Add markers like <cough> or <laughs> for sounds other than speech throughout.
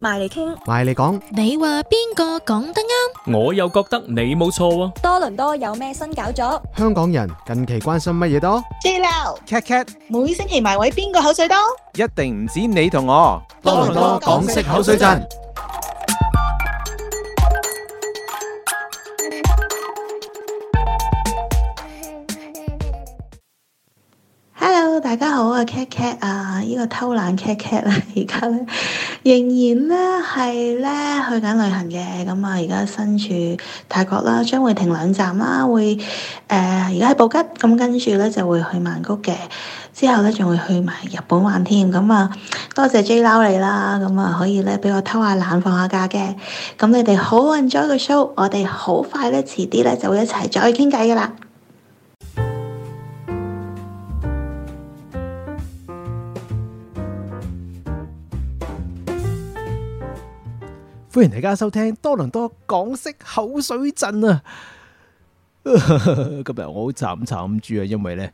埋嚟傾，埋嚟講，你話邊個講得啱？我又覺得你冇錯。多倫多有咩新搞作？香港人近期關心乜嘢多？JLau，Kat Kat，每星期埋位邊個口水多？一定唔止你同我。多倫多港式口水陣。Hello，大家好啊，Kat Kat 啊，呢個偷懶 Kat Kat 啊，而家咧。仍然咧係咧去緊旅行嘅，咁啊而家身處泰國啦，將會停兩站啦，會誒而家係布吉，咁、嗯、跟住咧就會去曼谷嘅，之後咧仲會去埋日本玩添，咁、嗯、啊多謝 J 撈你啦，咁、嗯、啊可以咧俾我偷下懶放下假嘅，咁、嗯、你哋好 enjoy 個 show，我哋好快咧遲啲咧就會一齊再去傾計㗎啦。歡迎大家收聽多倫多港式口水陣啊！今日我好慘慘住啊，因為咧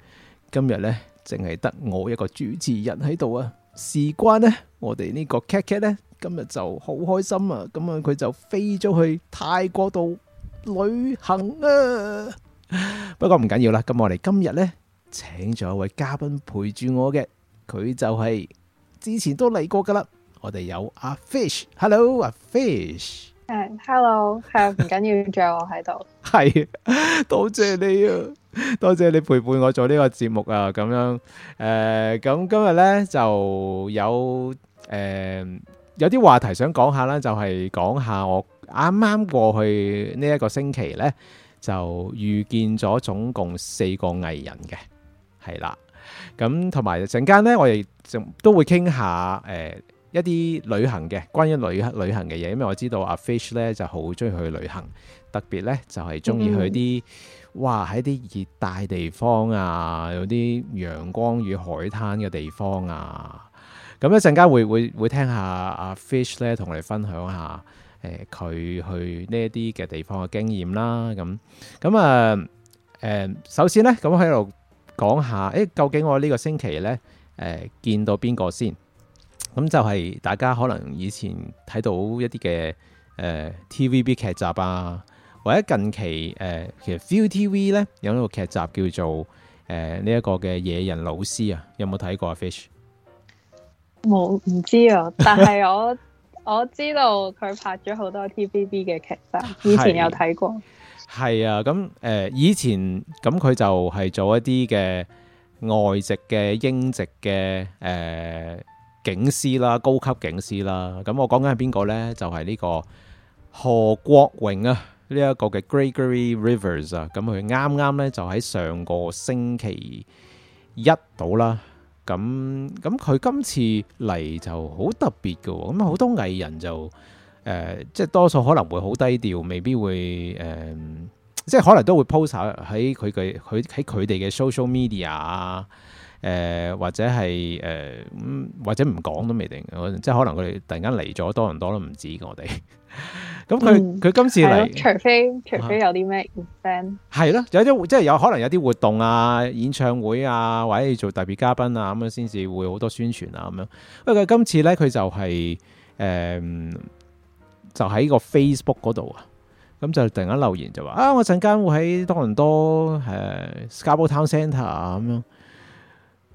今日咧淨係得我一個主持人喺度啊。事關咧，我哋呢個 Kat Kat 咧今日就好開心啊！咁啊，佢就飛咗去泰國度旅行啊。不過唔緊要啦，咁我哋今日咧請咗一位嘉賓陪住我嘅，佢就係之前都嚟過噶啦。我哋有阿 Fish，Hello，阿 Fish，Hello，係啊，唔緊要，仲有我喺度，係多謝你啊，多謝，謝你陪伴我做呢個節目啊。咁樣誒，咁、呃、今日咧就有誒、呃、有啲話題想講下啦，就係、是、講下我啱啱過去呢一個星期咧就遇見咗總共四個藝人嘅係啦。咁同埋陣間咧，我哋仲都會傾下誒。呃一啲旅行嘅，關於旅，旅行旅行嘅嘢，因為我知道阿 Fish 咧就好鍾意去旅行，特別咧就係鍾意去啲，嗯、哼哇喺啲熱帶地方啊，有啲陽光與海灘嘅地方啊，咁一陣間會會會，會聽下阿 Fish 咧同我哋分享下，誒、呃、佢去呢一啲嘅地方嘅經驗啦，咁咁啊誒，首先咧咁我喺度講下，誒究竟我呢個星期咧誒、呃、見到邊個先？咁就係大家可能以前睇到一啲嘅，誒、呃、T V B 劇集啊，或者近期誒、呃、其實 ViuTV 咧有呢個劇集叫做誒呢一個嘅野人老師啊，有冇睇過啊？Fish 冇唔知啊，但係我 <laughs> 我知道佢拍咗好多 T V B 嘅劇集，以前有睇過，係啊。咁誒、呃、以前咁佢就係做一啲嘅外籍嘅英籍嘅誒。呃警司啦，高級警司啦，咁我講緊係邊個呢？就係、是、呢個河國榮啊，呢、這、一個嘅 Gregory Rivers 啊，咁佢啱啱呢，就喺上個星期一到啦，咁咁佢今次嚟就好特別嘅，咁好多藝人就誒、呃，即係多數可能會好低調，未必會誒、呃，即係可能都會 post 喺佢嘅佢喺佢哋嘅 social media 啊。誒、呃、或者係誒、呃、或者唔講都未定，即係可能佢哋突然間嚟咗多倫多都唔知。我哋。咁佢佢今次嚟，除非除非有啲咩 event，係咯，啊、是是有啲即係有可能有啲活動啊、演唱會啊，或者做特別嘉賓啊咁樣，先至會好多宣傳啊咁樣。不過佢今次呢，佢就係、是、誒、呃、就喺個 Facebook 嗰度啊，咁就突然間留言就話啊，我陣間會喺多倫多誒 Scarborough Town Centre 啊咁、啊、樣。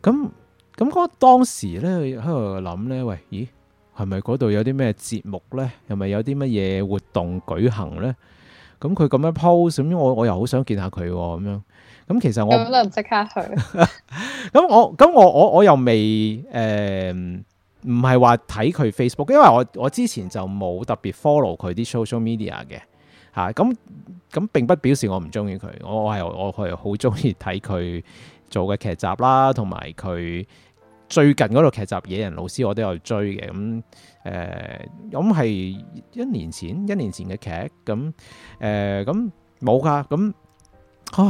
咁咁嗰當時咧喺度諗咧，喂，咦，係咪嗰度有啲咩節目咧？又咪有啲乜嘢活動舉行咧？咁佢咁樣 post，咁我我又好想見下佢咁、哦、樣。咁其實我咁就即刻去。咁 <laughs> 我咁我我我又未誒，唔係話睇佢 Facebook，因為我我之前就冇特別 follow 佢啲 social media 嘅吓。咁、啊、咁並不表示我唔中意佢，我我係我係好中意睇佢。做嘅劇集啦，同埋佢最近嗰套劇集《野人老師》，我都有追嘅。咁誒，咁、呃、係一年前，一年前嘅劇咁誒，咁冇噶咁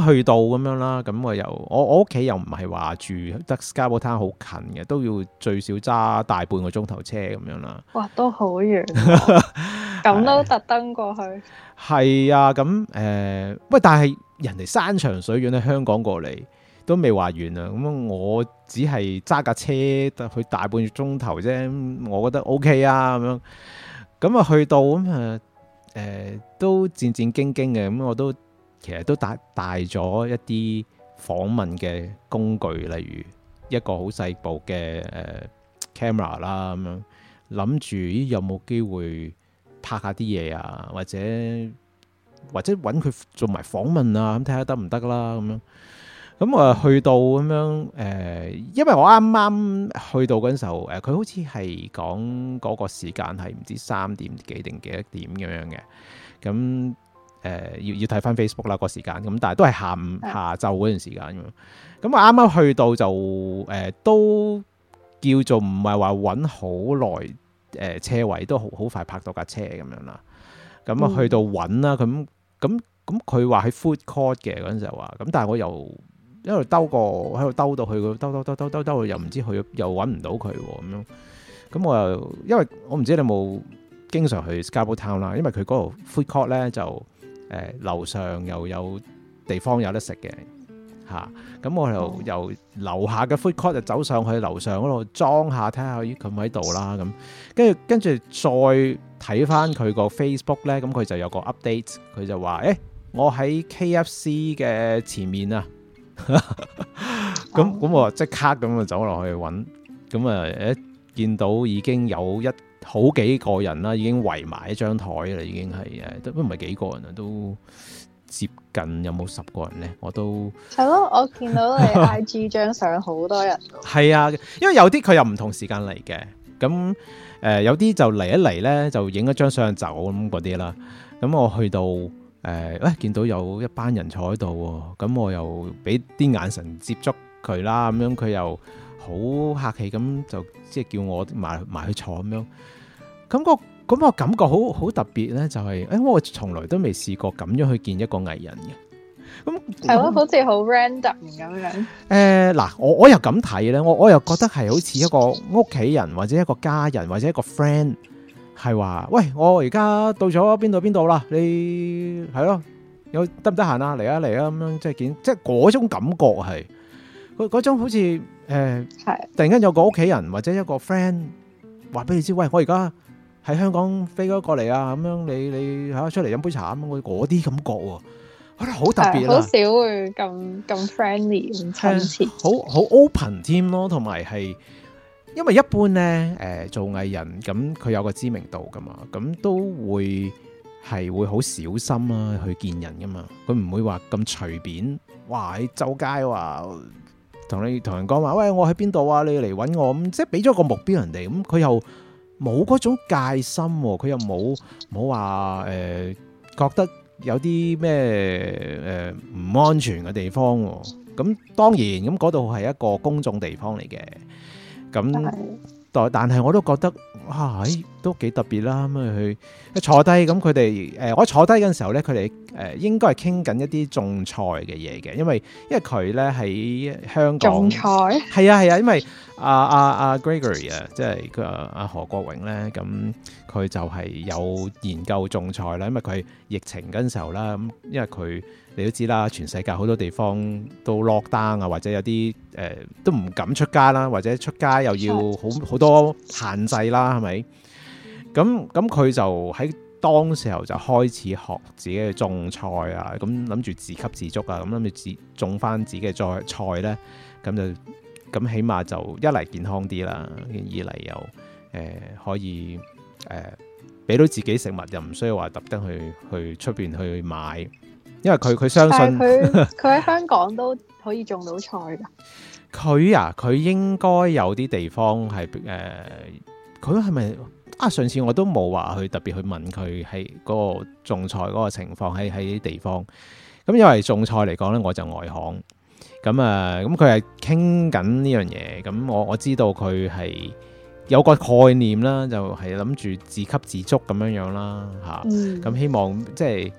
去到咁樣啦。咁我又我我屋企又唔係話住德 Sky p 好近嘅，都要最少揸大半個鐘頭車咁樣啦。哇，都好遠、啊，咁 <laughs> 都特登過去係啊。咁誒、啊，喂、呃，但係人哋山長水遠喺香港過嚟。都未話完啊！咁我只係揸架車去大半鐘頭啫，我覺得 OK 啊，咁樣咁啊，去到咁誒誒都戰戰兢兢嘅咁，我都其實都帶帶咗一啲訪問嘅工具，例如一個好細部嘅誒 camera 啦咁樣，諗住咦有冇機會拍下啲嘢啊，或者或者揾佢做埋訪問啊，咁睇下得唔得啦咁樣。咁啊，去到咁樣、呃，因為我啱啱去到嗰陣時候，佢、呃、好似係講嗰個時間係唔知三點幾定幾多點咁樣嘅，咁、呃、要要睇翻 Facebook 啦、個時間，咁但係都係下，下午下晝嗰段時間咁，咁我啱啱去到就、呃、都叫做唔係話揾好耐誒車位，都好好快拍到架車咁樣啦，咁啊去到揾啦，咁咁咁佢話喺 food court 嘅嗰陣時候話，咁但係我又。一路兜過喺度兜到去，佢兜到兜到兜兜兜兜，又唔知去又揾唔到佢咁樣。咁我又因為我唔知你有冇經常去 Scarborough Town 啦，因為佢嗰度 food court 咧就誒、呃、樓上又有地方有得食嘅嚇。咁、啊、我又、哦、由樓下嘅 food court 就走上去樓上嗰度裝下，睇下，咦，佢唔喺度啦，咁，跟住跟住再睇翻佢個 Facebook 咧，咁佢就有個 update，佢就話誒、欸、我喺 K F C 嘅前面啊。咁咁 <laughs> 我即刻咁就走落去揾，咁啊誒見到已經有一好幾個人啦，已經圍埋一張台啦，已經係誒都唔係幾個人啊，都接近有冇十個人咧？我都係咯，我見到你 IG 張相好多人，係啊，因為有啲佢又唔同時間嚟嘅，咁誒有啲就嚟一嚟咧就影一張相走咁嗰啲啦，咁我去到。誒喂，見到有一班人坐喺度喎，咁我又俾啲眼神接觸佢啦，咁樣佢又好客氣咁就即係叫我埋埋去坐咁樣，感覺咁我感覺好好特別咧，就係誒我從來都未試過咁樣去見一個藝人嘅，咁係咯，好似好 random 咁樣。誒嗱，我我又咁睇咧，我我又覺得係好似一個屋企人或者一個家人或者一個 friend。係話，喂，我而家到咗邊度邊度啦？你係咯，有得唔得閒啊？嚟啊嚟啊！咁、啊、樣即係見，即係嗰種感覺係，嗰嗰種好似誒，係、呃、的突然間有個屋企人或者一個 friend 話俾你知，喂，我而家喺香港飛咗過嚟啊！咁樣你你吓出嚟飲杯茶咁，我嗰啲感覺喎，我覺得好特別了，好少會咁咁 friendly 親切，好好 open 添咯，同埋係。因為一般咧，誒做藝人咁佢有個知名度㗎嘛，咁都會係會好小心呀去見人㗎嘛，佢唔會話咁隨便，哇！周街話同你同人講話，喂，我喺邊度啊？你嚟搵我咁，即係俾咗個目標人哋咁，佢又冇嗰種戒心，佢又冇冇話誒覺得有啲咩誒唔安全嘅地方喎。咁當然咁嗰度係一個公眾地方嚟嘅。咁那是但但係我都覺得哇、啊哎，都幾特別啦咁佢坐低咁佢哋誒我坐低嗰陣時候咧，佢哋誒應該係傾緊一啲種菜嘅嘢嘅，因為因為佢咧喺香港種菜係啊係啊，因為阿阿阿 Gregory 啊，啊啊啊 Gregory, 即係阿阿河國榮咧，咁、嗯、佢就係有研究種菜啦，因為佢疫情嗰陣時候啦，咁因為佢。你都知啦，全世界好多地方都 lock down 啊，或者有啲誒、呃、都唔敢出街啦，或者出街又要好好多限制啦，係咪？咁咁佢就喺當時候就開始學自己去種菜啊，咁諗住自給自足啊，咁諗住自種返自己嘅菜菜咧，咁就咁起碼就一嚟健康啲啦，二嚟又誒、呃、可以誒俾、呃、到自己食物，又唔需要話特登去去出面去買。因為佢佢相信佢佢喺香港都可以種到菜噶。佢 <laughs> 啊，佢應該有啲地方係誒，佢係咪啊？上次我都冇話去特別去問佢係嗰個種菜嗰個情況喺呢啲地方。咁因為種菜嚟講咧，我就外行。咁啊，咁佢係傾緊呢樣嘢。咁我我知道佢係有個概念啦，就係諗住自給自足咁樣樣啦，吓。咁希望即係。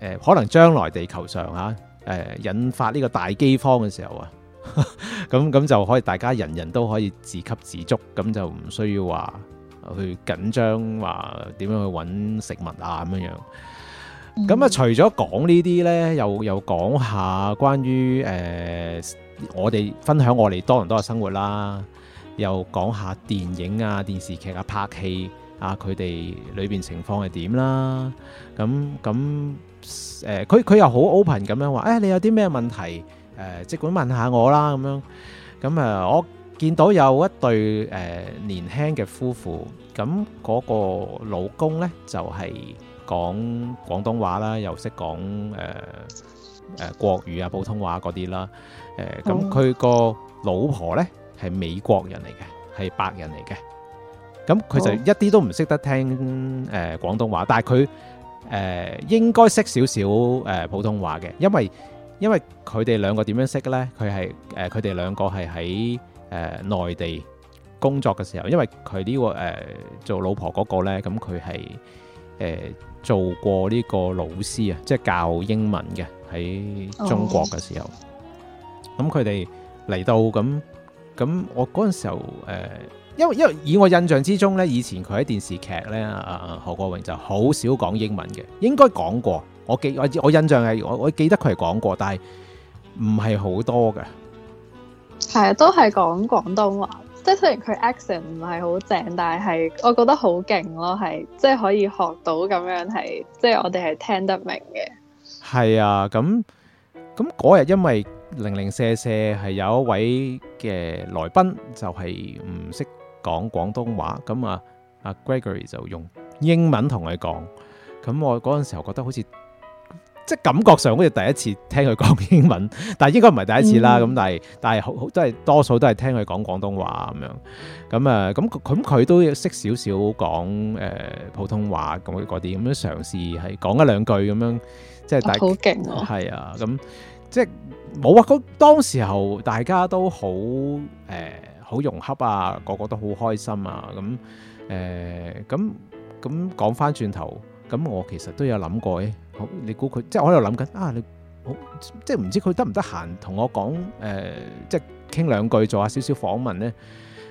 誒、呃，可能將來地球上吓，誒、呃、引發呢個大饑荒嘅時候啊，咁咁就可以大家人人都可以自給自足，咁就唔需要話去緊張，話點樣去搵食物啊咁樣樣。咁、嗯、啊，除咗講呢啲呢，又又講下關於誒、呃，我哋分享我哋多倫多嘅生活啦，又講下電影啊、電視劇啊、拍戲啊，佢哋裏邊情況係點啦，咁、嗯、咁。嗯誒，佢佢又好 open 咁樣話，誒，你有啲咩問題，誒，即管問下我啦，咁樣，咁啊，我見到有一對誒年輕嘅夫婦，咁嗰個老公呢就係講廣東話啦，又識講誒誒國語啊，普通話嗰啲啦，誒，咁佢個老婆呢係美國人嚟嘅，係白人嚟嘅，咁佢就一啲都唔識得聽誒廣東話，但係佢。誒應該識少少誒普通話嘅，因為因為佢哋兩個點樣識呢？佢係誒佢哋兩個係喺誒內地工作嘅時候，因為佢呢個誒做老婆嗰個呢，咁佢係誒做過呢個老師啊，即係教英文嘅喺中國嘅時候。咁佢哋嚟到咁咁，我嗰陣時候誒。因為因為以我印象之中咧，以前佢喺電視劇咧，河國榮就好少講英文嘅。應該講過，我記我我印象係我我記得佢係講過，但係唔係好多嘅。係啊，都係講廣東話，即係雖然佢 accent 唔係好正，但係我覺得好勁咯，係即係可以學到咁樣，係即係我哋係聽得明嘅。係啊，咁咁嗰日因為零零舍舍係有一位嘅來賓，就係唔識，講廣東話，咁啊，阿 Gregory 就用英文同佢講，咁我嗰陣時候覺得好似，即係感覺上好似第一次聽佢講英文，但係應該唔係第一次啦，咁、嗯、但係但係好都係多數都係聽佢講廣東話咁樣，咁啊咁咁佢都要識少少講誒普通話咁嗰啲，咁樣嘗試係講一兩句咁樣，即係大好勁，係啊，咁即係冇啊，當、啊、當時候大家都好誒。呃好融洽啊，個個都好開心啊，咁誒咁咁講翻轉頭，咁我其實都有諗過嘅、啊，你好你估佢即係我喺度諗緊啊，好即係唔知佢得唔得閒同我講誒，即係傾兩句做下少少訪問咧。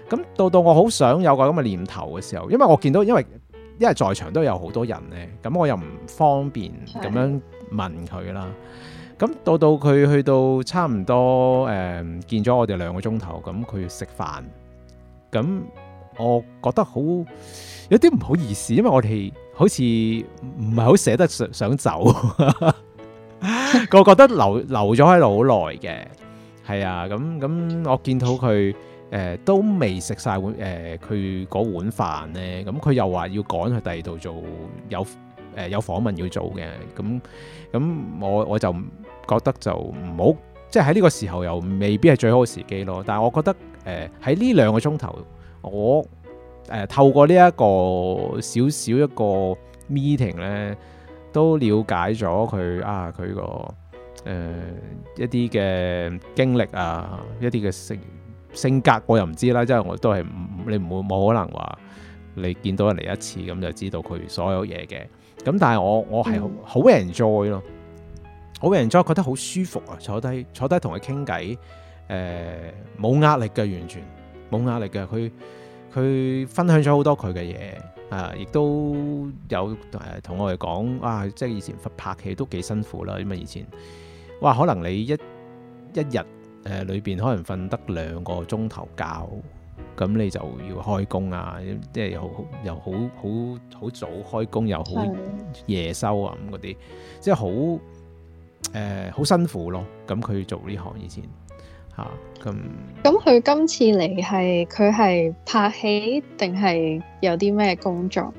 咁到到我好想有個咁嘅念頭嘅時候，因為我見到因為因為在場都有好多人咧，咁我又唔方便咁樣問佢啦。咁到到佢去到差唔多誒，見咗我哋兩個鐘頭，咁佢食飯，咁我覺得好有啲唔好意思，因為我哋好似唔係好捨得想想走， <laughs> <laughs> 我覺得留留咗喺度好耐嘅。係啊，咁咁我見到佢誒、呃、都未食晒、呃、碗，誒佢嗰碗飯咧，咁佢又話要趕去第二度做有誒、呃、有訪問要做嘅，咁咁我我就。覺得就唔好，即係喺呢個時候又未必係最好嘅時機咯。但係我覺得誒喺呢兩個鐘頭，我誒、呃、透過呢一個少少一個 meeting 咧，都了解咗佢啊佢、這個誒、呃、一啲嘅經歷啊，一啲嘅性性格我又唔知啦，即、就、係、是、我都係你唔會冇可能話你見到人嚟一次咁就知道佢所有嘢嘅。咁但係我我係好 enjoy 咯。我個人真係覺得好舒服、呃、很啊，坐低坐低同佢傾偈，誒冇壓力嘅完全冇壓力嘅。佢佢分享咗好多佢嘅嘢啊，亦都有誒同我哋講，哇！即係以前拍戲都幾辛苦啦，因為以前哇，可能你一一日誒裏邊可能瞓得兩個鐘頭覺，咁你就要開工啊，即係又又好好早開工，又好夜收啊咁嗰啲，即係好。誒好、呃、辛苦咯，咁佢做呢行以前嚇咁。咁、啊、佢今次嚟係佢係拍戲定係有啲咩工作？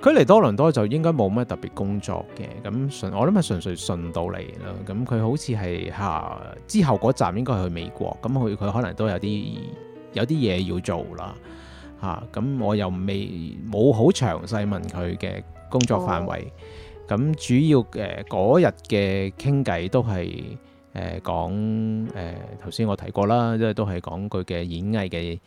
佢嚟多倫多就應該冇咩特別工作嘅，咁純我諗係純粹順道嚟啦。咁佢好似係嚇之後嗰站應該係去美國，咁佢佢可能都有啲有啲嘢要做啦嚇。咁、啊、我又未冇好詳細問佢嘅工作範圍。哦。咁主要誒嗰日嘅傾偈都係誒、呃、講誒頭先我提過啦，即係都係講佢嘅演藝嘅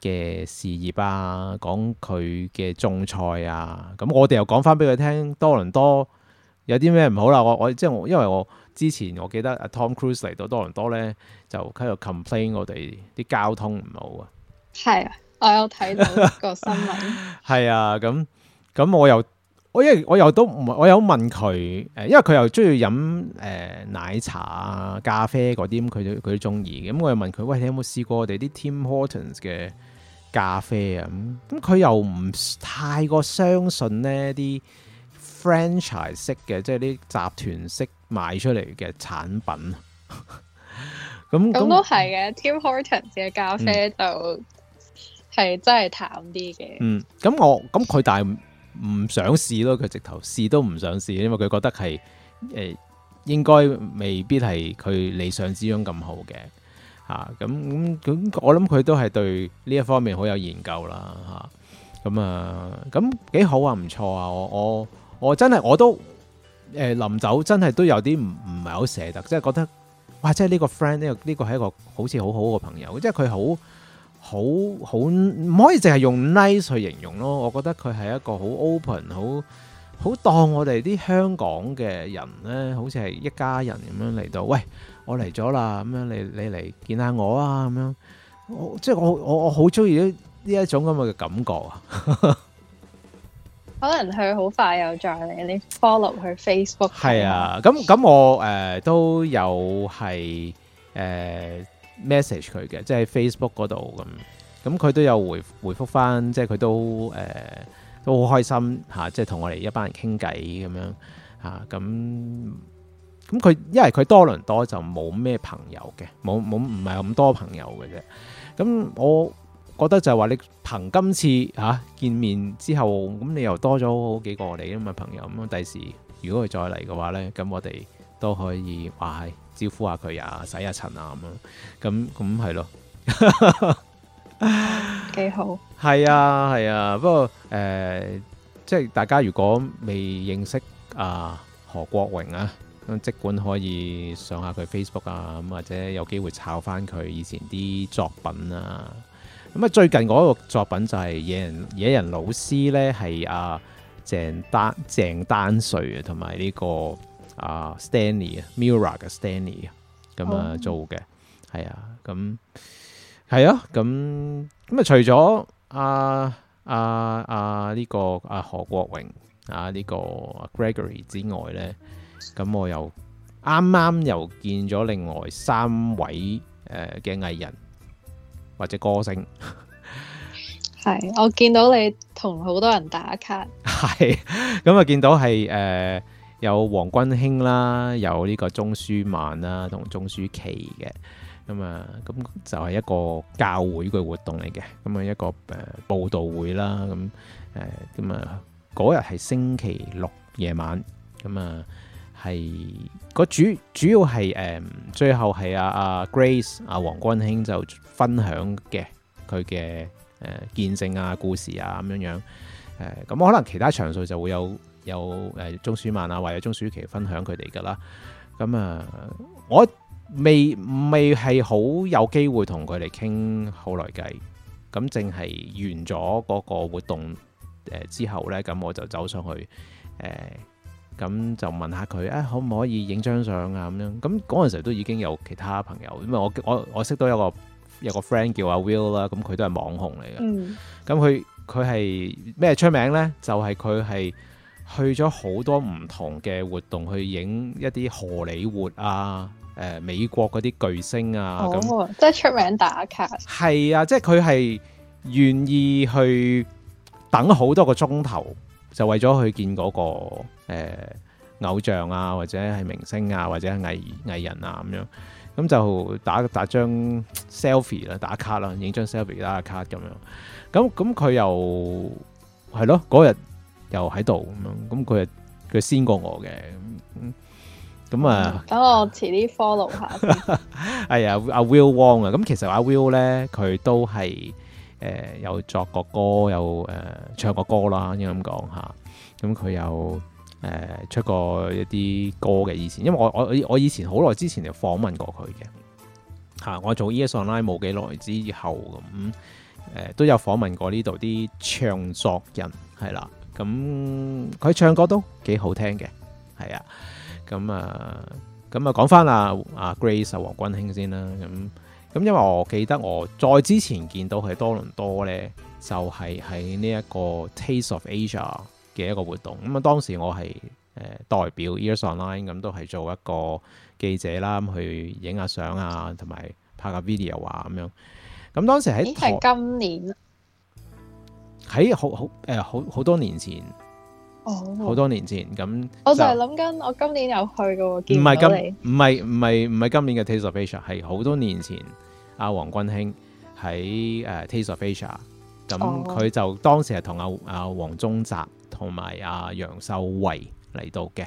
嘅事業啊，講佢嘅種菜啊。咁我哋又講翻俾佢聽，多倫多有啲咩唔好啦？我我即係因為我之前我記得阿 Tom Cruise 嚟到多倫多咧，就喺度 complain 我哋啲交通唔好啊。係啊，我有睇到個新聞。係 <laughs> 啊，咁咁我又。我因為我又都唔係，我有問佢誒，因為佢又中意飲誒奶茶啊、咖啡嗰啲佢都佢都中意嘅。咁我又問佢，喂，你有冇試過我哋啲 Tim Hortons 嘅咖啡啊？咁咁佢又唔太過相信呢啲 franchise 式嘅，即係啲集團式賣出嚟嘅產品。咁咁都係嘅，Tim Hortons 嘅咖啡就係真係淡啲嘅。嗯，咁我咁佢但係。唔想試咯，佢直頭試都唔想試，因為佢覺得係誒、呃、應該未必係佢理想之中咁好嘅吓，咁、啊、咁我諗佢都係對呢一方面好有研究啦吓，咁啊咁、啊、幾好啊，唔錯啊，我我我真係我都誒臨走真係都有啲唔唔係好捨得，即係覺得哇，即係呢個 friend 呢個呢個係一個好似好好嘅朋友，即係佢好。好好唔可以淨係用 nice 去形容咯，我覺得佢係一個好 open，好好當我哋啲香港嘅人咧，好似係一家人咁樣嚟到，喂，我嚟咗啦，咁樣你你嚟見下我啊，咁樣，我即係我我我好中意呢一種咁嘅感覺啊！可能佢好快又再嚟，你 follow 佢 Facebook 係啊？咁咁我誒都有係誒。message 佢嘅，即係喺 Facebook 嗰度咁，咁佢都有回回覆翻，即係佢都誒、呃、都好開心嚇、啊，即係同我哋一班人傾偈咁樣嚇，咁咁佢因為佢多倫多就冇咩朋友嘅，冇冇唔係咁多朋友嘅啫。咁、啊、我覺得就係話你憑今次嚇、啊、見面之後，咁你又多咗好幾個我哋咁嘅朋友，咁第時如果佢再嚟嘅話咧，咁我哋。都可以話招呼下佢啊，啊，洗下塵啊咁樣，咁咁係咯，幾 <laughs> 好。係啊，係啊，啊。不過、呃、即係大家如果未認識啊河國榮啊，咁即管可以上下佢 Facebook 啊，咁或者有機會抄翻佢以前啲作品啊。咁、嗯、啊，最近嗰個作品就係、是《野人野人老師呢》咧、啊，係阿鄭丹鄭丹瑞啊，同埋呢個。啊、ah，Stanley 啊 Mirror 嘅 Stanley 咁、oh. 啊，做嘅係啊，咁係啊，咁咁啊，除咗啊啊啊呢個阿河國榮啊呢、這個 Gregory 之外咧，咁我又啱啱又見咗另外三位誒嘅藝人或者歌星，係 <laughs> 我 <laughs> <noise> <laughs> <noise> 見到你同好多人打卡，係咁啊，見到係誒。有王君馨啦，有呢個鍾舒漫啦，同鍾舒祺嘅咁啊，咁就係一個教會嘅活動嚟嘅，咁啊一個誒布道會啦，咁誒咁啊嗰日係星期六夜晚，咁啊係個主主要係誒最後係阿阿 Grace 阿、啊、王君馨就分享嘅佢嘅誒見證啊故事啊咁樣樣，誒咁可能其他場數就會有。有誒鍾舒漫啊，或者鍾舒祺分享佢哋噶啦。咁、嗯、啊，我未未係好有機會同佢哋傾後來計。咁淨係完咗嗰個活動誒、呃、之後咧，咁我就走上去誒，咁、呃嗯、就問下佢誒、哎，可唔可以影張相啊？咁樣咁嗰陣時候都已經有其他朋友，因為我我我識到一個有個 friend 叫阿 Will 啦，咁佢都係網紅嚟嘅。嗯，咁佢佢係咩出名咧？就係佢係。去咗好多唔同嘅活動，去影一啲荷里活啊、誒、呃、美國嗰啲巨星啊，咁、oh, 咁即係出名打卡。係啊，即係佢係願意去等好多個鐘頭，就為咗去見嗰、嗰個、呃、偶像啊，或者係明星啊，或者係藝藝人啊咁樣。咁就打打張 selfie 啦，打卡啦，影張 selfie 打卡咁樣。咁咁佢又係咯嗰日。又喺度咁樣，咁佢佢先過我嘅咁咁啊！等我遲啲 follow 下。係啊，阿 Will Wong 啊，咁其實阿 Will 咧，佢都係誒、呃，有作過歌，有誒、呃、唱過歌啦，應該咁講吓。咁、嗯、佢有誒、呃、出過一啲歌嘅，以前，因為我我我以前好耐之前就訪問過佢嘅吓，我做 EARS Online 冇幾耐之後咁，誒、嗯呃、都有訪問過呢度啲唱作人係啦。咁佢唱歌都幾好聽嘅，係啊，啊，咁啊，咁啊講翻啦，阿 Grace 王君馨先啦，咁咁因為我記得我再之前見到佢多倫多咧，就係喺呢一個 Taste of Asia 嘅一個活動，咁啊當時我係誒代表 Ears Online，咁都係做一個記者啦，去影下相啊，同埋拍下 video 啊咁樣，咁當時喺係今年。喺好好誒、呃、好好多年前，哦，好多年前咁，就我就係諗緊，我今年有去嘅，唔係今，唔係唔係唔係今年嘅 Taste of Asia，係好多年前，阿王君馨喺誒 Taste of Asia，咁佢就當時係同阿阿黃宗澤同埋阿楊秀慧嚟到嘅，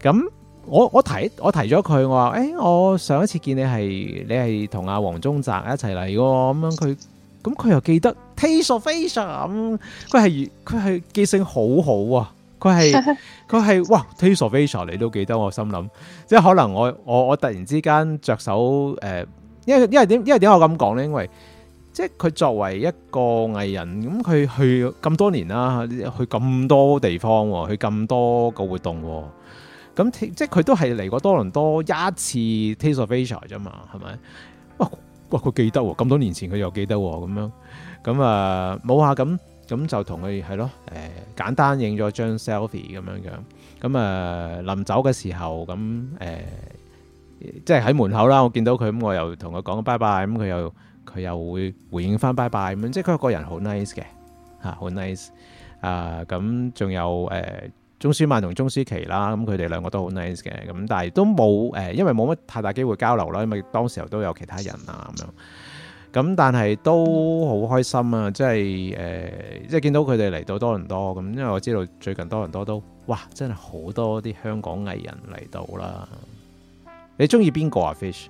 咁我我提我提咗佢，我話誒、哎，我上一次見你係你係同阿黃宗澤一齊嚟嘅，咁樣佢。咁佢又記得 Taste of Asia，佢係佢係記性好好啊！佢係佢係哇 Taste of Asia 你都記得，我心諗，即係可能我我我突然之間着手誒、呃，因為因為點因為點解我咁講咧？因為，因為，因為，因為即係佢作為一個藝人，咁佢去咁多年啦、啊，去咁多地方、啊，去咁多個活動、啊，咁即係佢都係嚟過多倫多一次 Taste of Asia 啫嘛，係咪？哇！佢記得喎，咁多年前佢又記得喎，咁樣咁啊冇啊，咁咁、嗯、就同佢係咯，誒、呃、簡單影咗張 selfie 咁樣樣，咁啊臨走嘅時候咁誒、呃，即係喺門口啦，我見到佢咁、嗯，我又同佢講拜拜，咁、嗯、佢又佢又會回應返拜拜。咁樣，即係佢個人好 nice 嘅嚇，好 nice 啊，咁仲、嗯、有誒。呃鍾舒漫同鍾舒祺啦，咁佢哋兩個都好 nice 嘅，咁但係都冇誒，因為冇乜太大機會交流啦，因為當時候都有其他人啊，咁樣咁，但係都好開心啊，即係誒，即係見到佢哋嚟到多倫多咁，因為我知道最近多倫多都哇，真係好多啲香港藝人嚟到啦。你中意邊個啊？Fish，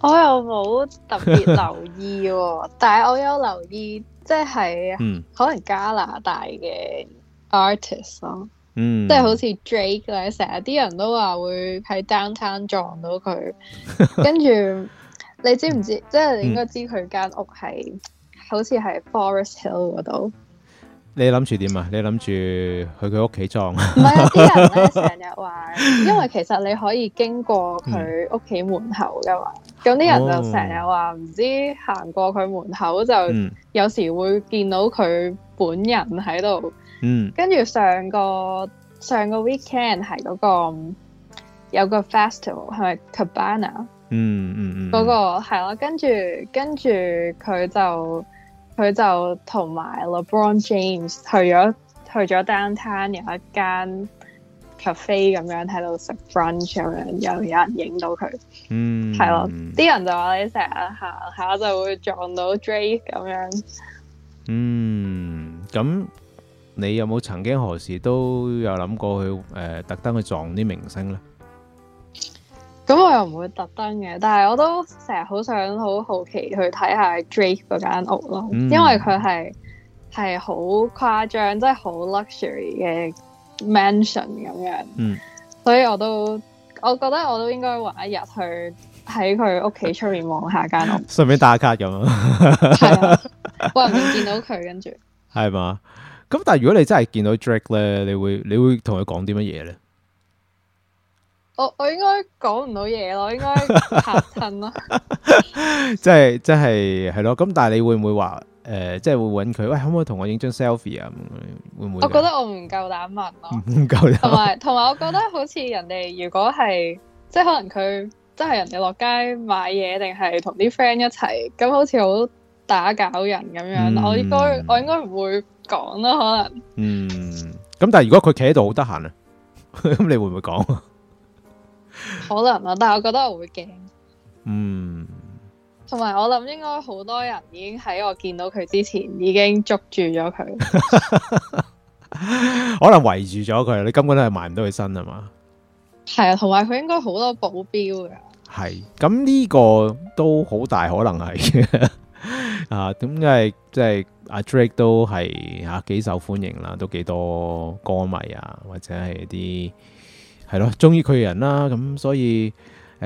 我又冇特別留意， <laughs> 但係我有留意，即係可能加拿大嘅、嗯。artist 咯，Art ists, 嗯、即係好似 Drake 咧，成日啲人都話會喺 downtown 撞到佢， <laughs> 跟住你知唔知？即係你應該知佢間屋係、嗯、好似係 Forest Hill 嗰度。你諗住點啊？你諗住去佢屋企撞？唔係啊！啲人咧成日話， <laughs> 因為其實你可以經過佢屋企門口噶嘛，咁啲、嗯、人就成日話唔知行過佢門口就有時會見到佢本人喺度。嗯，跟住上個上個 weekend 係嗰個有個 festival，係咪 Cabana？嗯嗯嗯，嗰個係咯，跟住跟住佢就佢就同埋 LeBron James 去咗去咗 Downtown 有一間 cafe 咁樣喺度食 brunch 咁樣，又有人影到佢，嗯，係咯，嗯，啲人就話你成日行下就會撞到 Drake 咁樣，嗯，咁。你有冇曾經何時都有諗過去誒、呃、特登去撞啲明星呢？咁我又唔會特登嘅，但係我都成日好想好好奇去睇下 Drake 嗰間屋咯，嗯、因為佢係係好誇張，即係好 luxury 嘅 mansion 咁樣。嗯，所以我都我覺得我都應該揾一日去喺佢屋企出面望下間屋，順 <laughs> 便打卡咁 <laughs> 啊。係啊，我又見到佢跟住係嘛？咁但係如果你真係見到 Drake 咧，你會你會同佢講啲乜嘢咧？我我應該講唔到嘢咯，應該吓親咯。即係即係係咯，咁但係你會唔會話誒？即係會搵佢喂，可唔可以同我影張 selfie 啊？會唔會？我覺得我唔夠膽問咯，唔夠膽。同埋同埋，我覺得好似人哋如果係即係可能佢真係人哋落街買嘢，定係同啲 friend 一齊咁，好似好打攪人咁樣。我應該我應該唔會。講咯，可能嗯，咁但係如果佢企喺度好得閒咧，咁 <laughs> 你會唔會講？可能啊，但係我覺得我會驚。嗯，同埋我諗應該好多人已經喺我見到佢之前已經捉住咗佢， <laughs> <laughs> <laughs> 可能圍住咗佢。你根本都係埋唔到佢身啊嘛。係啊，同埋佢應該好多保鏢㗎。係，咁呢個都好大可能係。 <laughs> 啊，咁係、就、即、是、係阿、啊、Drake 都係幾幾受歡迎啦，都幾多歌迷啊，或者係啲係咯，中意佢嘅人啦。咁所以誒，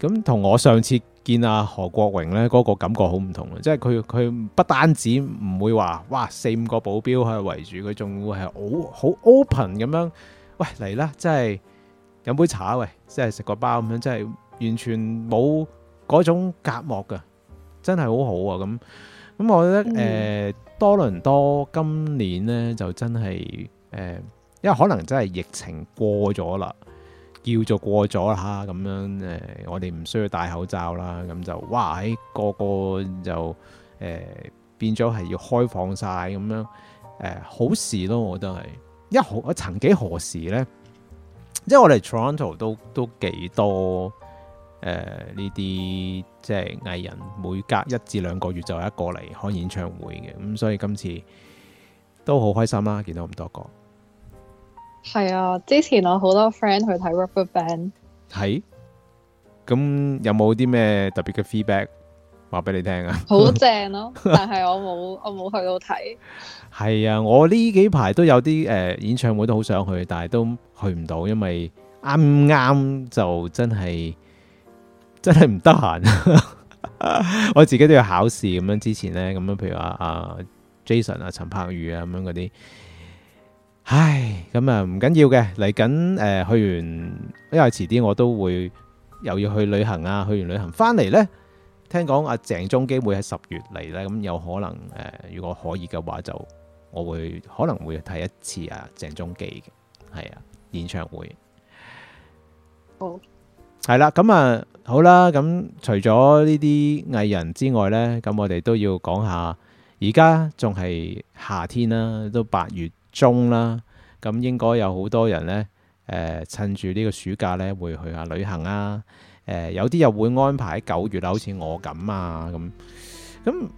咁、呃、同我上次見阿、啊、何國榮咧，嗰、那個感覺好唔同嘅，即係佢佢不單止唔會話，哇四五個保鏢喺度圍住佢，仲會係好好 open 咁樣，喂嚟啦，即係飲杯茶喂，即係食個包咁樣，即係完全冇嗰種隔膜噶。真係好好啊！咁咁，我覺得誒、嗯呃、多倫多今年咧就真係誒、呃，因為可能真係疫情過咗啦，叫做過咗啦，咁樣誒，我哋唔需要戴口罩啦，咁就哇，喺、哎、個個就誒、呃、變咗係要開放晒。咁樣誒、呃，好事咯、啊，我覺得係，因為何曾幾何時咧，即係我哋 Toronto 都都幾多。誒，呢啲、呃、即係藝人，每隔一至兩個月就有一個嚟開演唱會嘅，咁所以今次都好開心啦、啊，見到咁多個。係啊，之前我好多 friend 去睇 Rubber Band，係，咁有冇啲咩特別嘅 feedback 話俾你聽啊？好正咯， <laughs> 但係我冇我冇去到睇。係啊，我呢幾排都有啲誒、呃、演唱會都好想去，但係都去唔到，因為啱啱就真係。真係唔得閒，我自己都要考試咁樣。之前呢，咁樣，譬如話、啊、阿、啊、Jason 啊、陳柏宇啊咁樣嗰啲，唉，咁啊唔緊要嘅。嚟緊誒去完，因為遲啲我都會又要去旅行啊。去完旅行翻嚟呢，聽講阿鄭中基會喺十月嚟呢。咁有可能誒、呃，如果可以嘅話，就我會可能會睇一次啊鄭中基嘅係啊演唱會。Oh. 係啦，咁啊好啦，咁除咗呢啲藝人之外呢，咁我哋都要講下，而家仲係夏天啦，都八月中啦，咁應該有好多人呢，誒、呃、趁住呢個暑假呢，會去下旅行啊，誒、呃、有啲又會安排九月啦，好似我咁啊咁咁。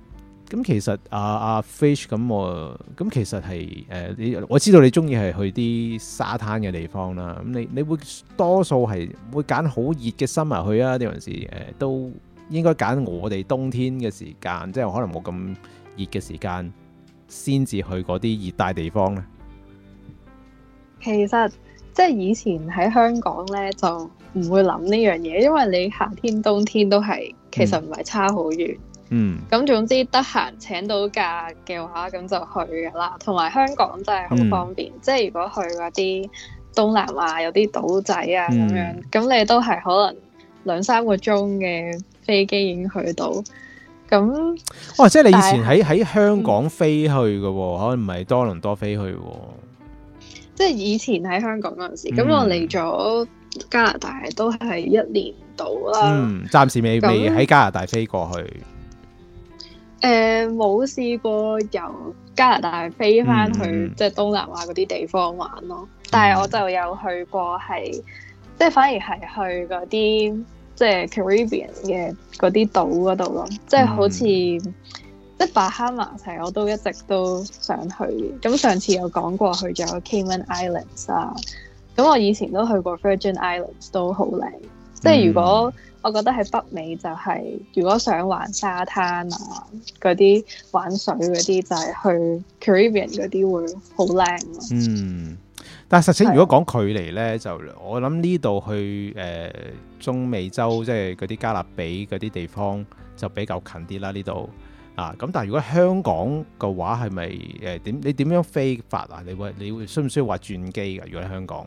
咁其實啊，阿、啊、fish，咁我咁其實係誒你，我知道你中意係去啲沙灘嘅地方啦，咁你你會多數係會揀好熱嘅 summer 去啊？呢樣事誒都應該揀我哋冬天嘅時間，即係可能冇咁熱嘅時間先至去嗰啲熱帶地方咧。其實即係以前喺香港咧就唔會諗呢樣嘢，因為你夏天冬天都係其實唔係差好遠。嗯嗯，咁總之得閒請到假嘅話，咁就去噶啦。同埋香港真係好方便，嗯、即係如果去嗰啲東南亞有啲島仔啊咁樣，咁、嗯、你都係可能兩三個鐘嘅飛機已經去到。咁，哇、哦！即係你以前喺喺但香港飛去嘅，可能唔係多倫多飛去喎。即係以前喺香港嗰陣時，咁、嗯、我嚟咗加拿大都係一年到啦。嗯，暫時未未喺加拿大飛過去。誒冇、uh, 試過由加拿大飛翻去、mm hmm. 即係東南亞嗰啲地方玩咯，mm hmm. 但我就有去過係即反而係去嗰啲即係 Caribbean 嘅嗰啲島嗰度咯，mm hmm. 即好似即係巴哈馬成我都一直都想去。咁上次有講過去咗 Cayman Islands 啊，咁我以前都去過 Virgin Islands 都好靚。即係、嗯、如果我覺得喺北美就係，如果想玩沙灘啊，嗰啲玩水嗰啲就係、是、去 Caribbean 嗰啲會好靚咯。嗯，但係實情如果講距離呢，是就我諗呢度去誒、呃、中美洲，即係嗰啲加勒比嗰啲地方就比較近啲啦。呢度啊，咁但係如果香港嘅話係咪誒點？你點樣飛法啊？你會你會你需唔需要話轉機㗎？如果喺香港？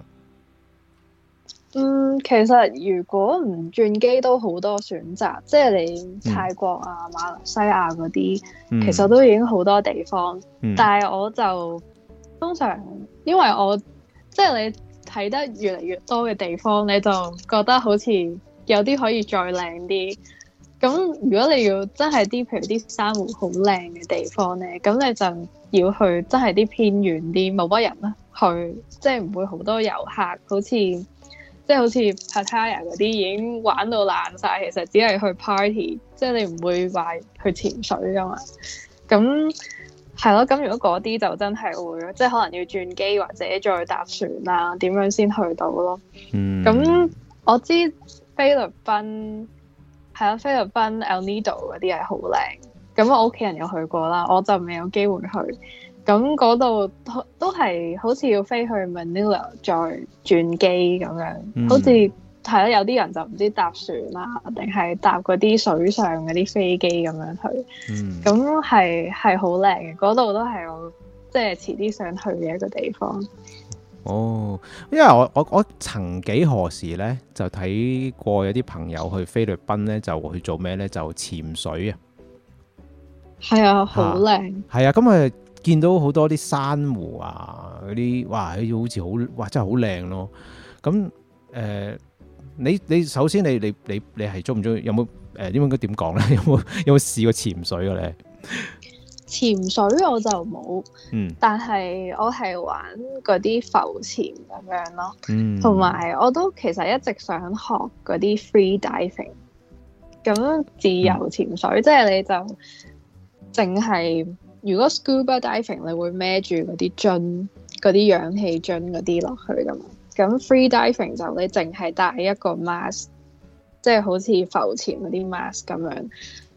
嗯，其實如果唔轉機都好多選擇，即係你泰國啊、嗯、馬來西亞嗰啲，嗯、其實都已經好多地方。嗯、但係我就通常，因為我即係你睇得越嚟越多嘅地方，你就覺得好似有啲可以再靚啲。咁如果你要真係啲譬如啲珊瑚好靚嘅地方呢，咁你就要去真係啲偏遠啲冇乜人去，即係唔會好多遊客，好似。即係好似 Pattaya 嗰啲已經玩到爛晒，其實只係去 party，即係你唔會話去潛水噶嘛。咁係咯，咁如果嗰啲就真係會，即係可能要轉機或者再搭船啦、啊，點樣先去到咯？咁、嗯、我知菲律賓係啊，菲律賓 El Nido 嗰啲係好靚，咁我屋企人有去過啦，我就未有機會去。咁嗰度都係係好似要飛去 Manila 再轉機咁樣，嗯、好似係啦。有啲人就唔知搭船啦，定係搭嗰啲水上嗰啲飛機咁樣去。咁係係好靚嘅，嗰度都係我即係遲啲想去嘅一個地方。哦，因為我我我曾幾何時咧就睇過有啲朋友去菲律賓咧就去做咩咧就潛水啊。係啊，好靚。係啊，咁啊～見到好多啲珊瑚啊，嗰啲哇，好似好哇，真係好靚咯！咁誒、呃，你你首先你你你你係鍾唔鍾意？有冇誒、呃？應該點講咧？有冇有冇試過潛水嘅、啊、咧？潛水我就冇，嗯，但係我係玩嗰啲浮潛咁樣咯，同埋、嗯、我都其實一直想學嗰啲 free diving，咁自由潛水，嗯、即係你就淨係。如果 scuba diving，你會孭住嗰啲樽、嗰啲氧氣樽嗰啲落去噶嘛？咁 free diving 就你淨係戴一個 mask，即係好似浮潛嗰啲 mask 咁樣，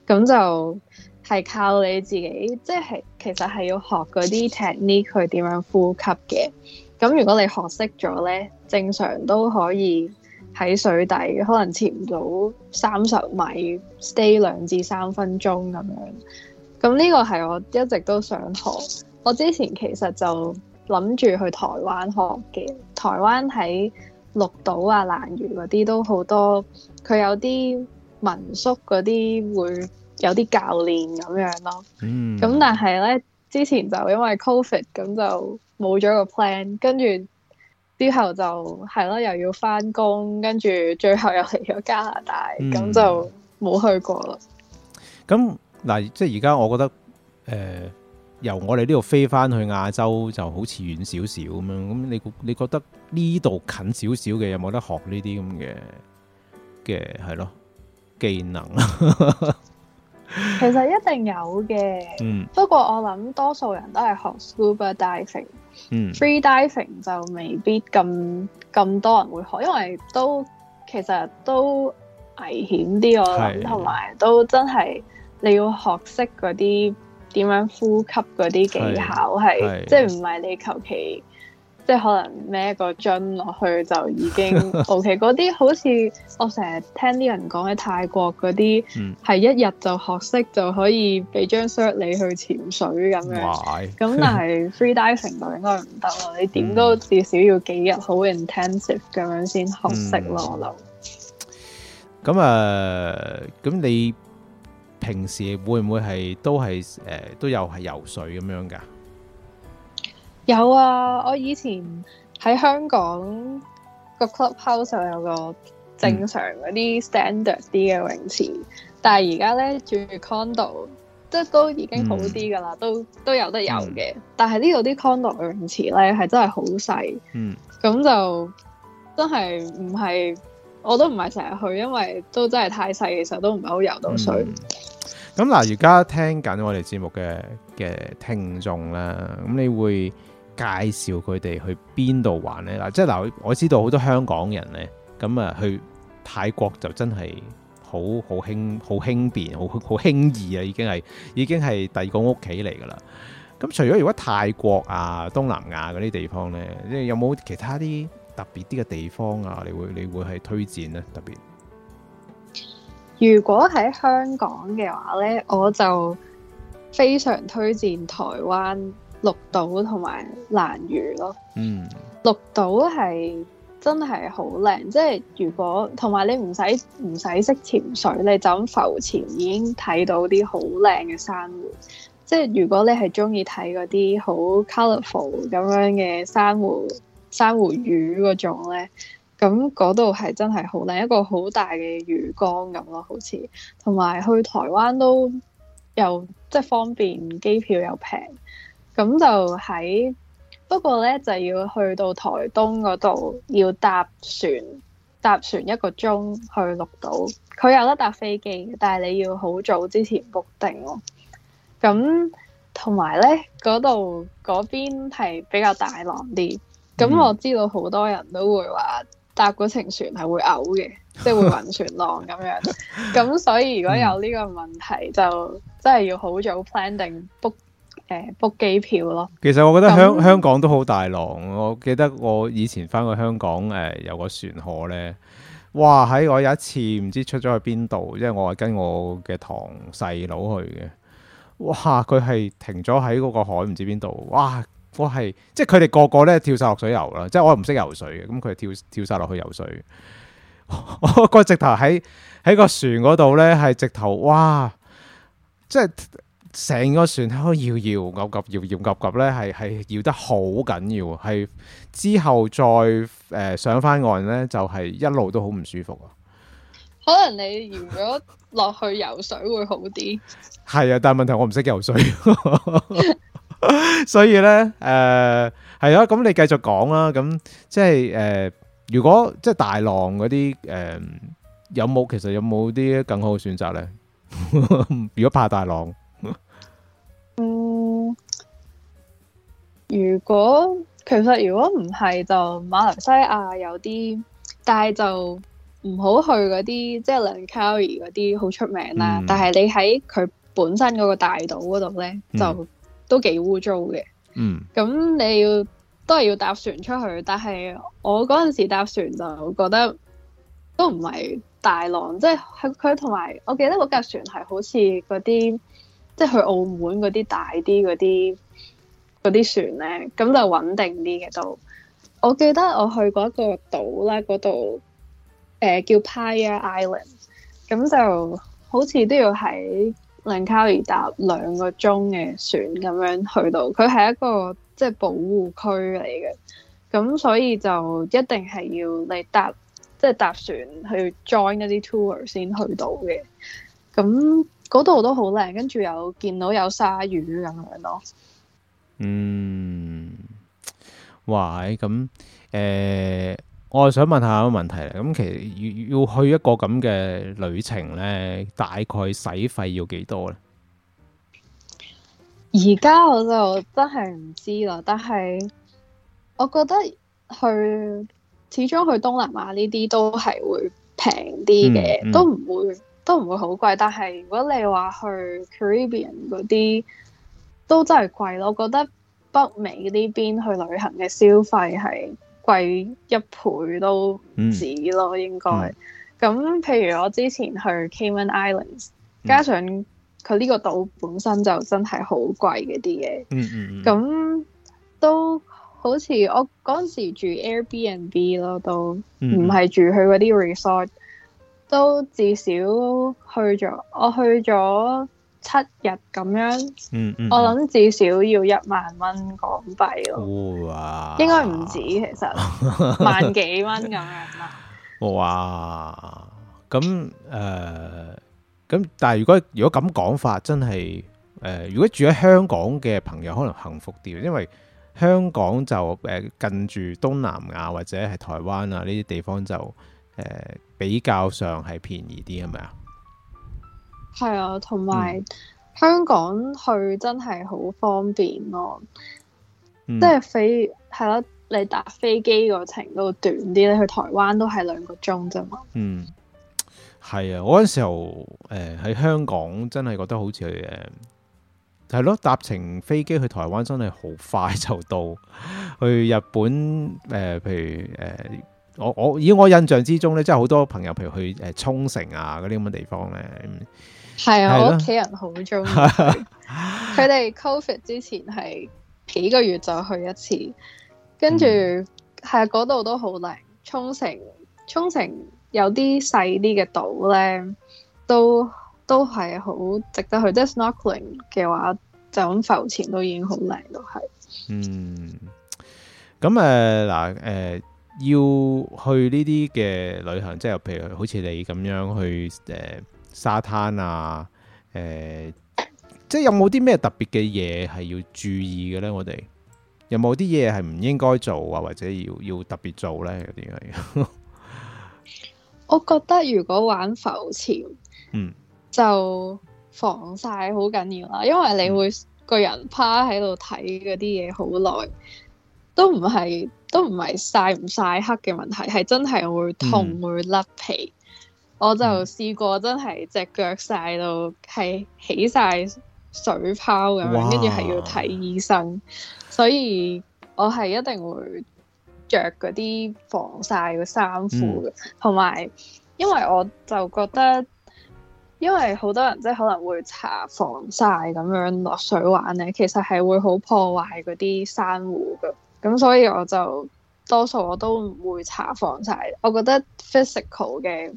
咁就係靠你自己，即係其實係要學嗰啲 technique 去點樣呼吸嘅。咁如果你學識咗呢，正常都可以喺水底可能潛到三十米，stay 兩至三分鐘咁樣。咁呢個係我一直都想學，我之前其實就諗住去台灣學嘅。台灣喺綠島啊、蘭嶼嗰啲都好多，佢有啲民宿嗰啲會有啲教練咁樣咯。咁、嗯、但係呢，之前就因為 COVID，咁就冇咗個 plan，跟住之後就係咯，又要返工，跟住最後又嚟咗加拿大，咁、嗯、就冇去過啦。咁。嗱，即係而家，我覺得誒、呃，由我哋呢度飛翻去亞洲就好似遠少少咁樣。咁你你覺得呢度近少少嘅，有冇得學呢啲咁嘅嘅係咯技能啊？ <laughs> 其實一定有嘅，嗯。不過我諗多數人都係學 scuba diving，嗯，free diving 就未必咁咁多人會學，因為都其實都危險啲，我諗，同埋是都真係。你要學識嗰啲點樣呼吸嗰啲技巧，係即係唔係你求其，即、就、係、是、可能孭個樽落去就已經 OK。嗰啲好似我成日聽啲人講喺泰國嗰啲，係、嗯、一日就學識就可以俾張 cert 你去潛水咁樣。咁哇但係 freediving <laughs> 就應該唔得咯，你點都至少要幾日好 intensive 咁樣先學識咯。咁、嗯、我諗啊，咁你。平時會唔會係都係誒、呃、都有係游水咁樣噶？有啊，我以前喺香港個 clubhouse 有個正常嗰啲、嗯、standard 啲嘅泳池，但係而家咧住 condo，即都已經好啲噶啦，都都有得遊嘅。但係呢度啲 condo 泳池咧係真係好細，嗯，咁就真係唔係。我都唔係成日去，因為都真係太細，其實都唔係好游到水。咁嗱、嗯，而家聽緊我哋節目嘅嘅聽眾啦，咁你會介紹佢哋去邊度玩呢？嗱，即係嗱，我知道好多香港人呢，咁啊去泰國就真係好好輕好輕便好好輕易啊，已經係已經係第二個屋企嚟㗎喇。咁除咗如果泰國啊、東南亞嗰啲地方呢，即係有冇其他啲？特別啲嘅地方啊，你會你會係推薦咧？特別如果喺香港嘅話咧，我就非常推薦台灣綠島同埋蘭嶼咯。嗯，綠島係真係好靚，即係如果同埋你唔使唔使識潛水，你就咁浮潛已經睇到啲好靚嘅珊瑚。即係如果你係中意睇嗰啲好 colourful 咁樣嘅珊瑚。珊瑚魚嗰種咧，咁嗰度係真係好靚，一個好大嘅魚缸咁咯，好似同埋去台灣都又即係方便，機票又平，咁就喺不過咧就要去到台東嗰度要搭船，搭船一個鐘去綠島，佢有得搭飛機，但係你要好早之前 book 定咯、哦。咁同埋咧嗰度嗰邊係比較大浪啲。咁、嗯、我知道好多人都會話搭嗰程船係會嘔嘅，即係會暈船浪咁樣。咁 <laughs> 所以如果有呢個問題，嗯、就真係要好早 plan 定 book 誒 book 機票咯。其實我覺得香港、嗯、香港都好大浪，我記得我以前翻去香港誒、呃、有個船河呢。哇！喺、哎、我有一次唔知出咗去邊度，因為我係跟我嘅堂細佬去嘅。哇！佢係停咗喺嗰個海唔知邊度，哇！我係即係佢哋個個咧，跳晒落水游啦，即係我又唔識游水嘅，咁佢跳跳晒落去游水。我 <laughs> 個直頭喺喺個船嗰度咧，係直頭哇！即係成個船喺度搖搖、岌岌、搖搖、岌岌咧，係係搖得好緊要，係之後再誒、呃、上翻岸咧，就係、是、一路都好唔舒服啊！可能你搖咗落去游水會好啲，係 <laughs> 啊，但係問題我唔識游水。 <laughs> 所以咧，誒，係咯，咁你繼續講啦。咁即係誒，如果即係大浪嗰啲，誒，有冇其實有冇啲更好嘅選擇咧？如果怕大浪，嗯，如果其實如果唔係就馬來西亞有啲，但係就唔好去嗰啲即係 Langkawi 嗰啲好出名啦。但係你喺佢本身嗰個大島嗰度咧就。都幾污糟嘅，咁、嗯、你要都係要搭船出去，但係我嗰時搭船就覺得都唔係大浪，即係佢佢同埋我記得嗰架船係好似嗰啲即係去澳門嗰啲大啲嗰啲嗰啲船咧，咁就穩定啲嘅都。我記得我去過一個島啦，嗰度、呃、叫 Paya Island，咁就好似都要喺。零卡爾搭兩個鐘嘅船咁樣去到，佢係一個即係、就是、保護區嚟嘅，咁所以就一定係要你搭即係、就是、搭船去 join 一啲 tour 先去到嘅。咁嗰度都好靚，跟住有見到有鯊魚咁樣咯。嗯，喂，咁誒。呃我又想問下個問題，咁其實要要去一個咁嘅旅程呢，大概使費要幾多呢？而家我就真係唔知啦，但係我覺得去始終去東南亞呢啲都係會平啲嘅，都唔會都唔會好貴。但係如果你話去 Caribbean 嗰啲，都真係貴咯。我覺得北美呢邊去旅行嘅消費係。貴一倍都唔止咯，嗯、應該咁。譬如我之前去 Cayman Islands，、嗯、加上佢呢個島本身就真係好貴嗰啲嘢，咁、嗯嗯、都好似我嗰陣時住 Airbnb 咯，都唔係住佢嗰啲 resort，、嗯、都至少去咗，我去咗。七日咁樣，嗯嗯、我諗至少要一萬蚊港幣咯。哇！應該唔止，其實 <laughs> 萬幾蚊咁樣啦。哇！咁誒，咁、呃、但係如果如果咁講法，真係誒、呃，如果住喺香港嘅朋友可能幸福啲，因為香港就誒、呃、近住東南亞或者係台灣啊呢啲地方就誒、呃、比較上係便宜啲，係咪啊？係啊，同埋、嗯、香港去真係好方便咯，啊，即係、嗯、飛係咯，啊，你搭飛機嗰程都短啲咧，你去台灣都係兩個鐘啫嘛。嗯，係、就是、啊，我嗰時候誒喺香港真係覺得好似誒係咯，搭程飛機去台灣真係好快就到，去日本誒、呃，譬如誒、呃、我我以我印象之中咧，即係好多朋友譬如去誒沖繩啊嗰啲咁嘅地方咧。嗯係啊，我屋企人好中意。佢哋 <laughs> Covid 之前係幾個月就去一次，跟住係啊，嗰度都好靚。沖繩，沖繩有啲細啲嘅島咧，都都係好值得去。即係 snorkeling、ok、嘅話，就咁浮潛都已經好靚，都係。嗯，咁誒嗱誒，要去呢啲嘅旅行，即係譬如好似你咁樣去誒。呃沙灘啊，誒、欸，即係有冇啲咩特別嘅嘢，係要注意嘅咧？我哋有冇啲嘢係唔應該做啊，或者要要特別做咧？啲咩？ <laughs> 我覺得如果玩浮潛，嗯，就防晒好緊要啦，因為你會個人趴喺度睇嗰啲嘢好耐，都唔係都唔係晒唔晒黑嘅問題，係真係會痛、嗯、會甩皮。我就試過真係隻腳曬到係起晒水泡咁樣，跟住係要睇醫生。所以我係一定會着嗰啲防曬嘅衫褲嘅，同埋、嗯、因為我就覺得，因為好多人即係可能會搽防曬咁樣落水玩咧，其實係會好破壞嗰啲珊瑚嘅。咁所以我就多數我都唔會搽防曬。我覺得 physical 嘅。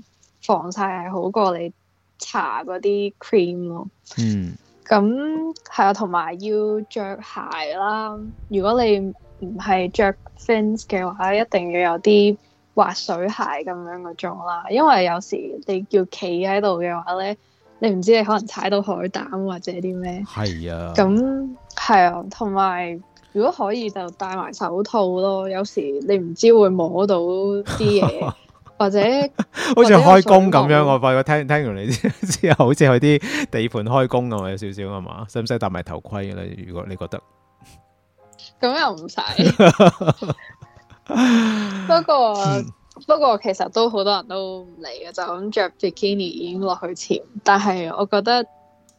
防曬係好過你搽嗰啲 cream 咯，嗯，咁係啊，同埋要着鞋啦。如果你唔係着 fins 嘅話，一定要有啲滑水鞋咁樣嗰種啦。因為有時你叫企喺度嘅話咧，你唔知你可能踩到海膽或者啲咩。係啊。咁係啊，同埋如果可以就戴埋手套咯。有時你唔知會摸到啲嘢。或者，好似 <laughs> 開工咁樣我發覺聽聽完你之後，好似去啲地盤開工咁樣，有少少係嘛？使唔使搭埋頭盔嘅咧？如果你覺得咁又唔使，不過、嗯、不過其實都好多人都唔嚟嘅，就咁着住 Ginny 已經落去潛。但係我覺得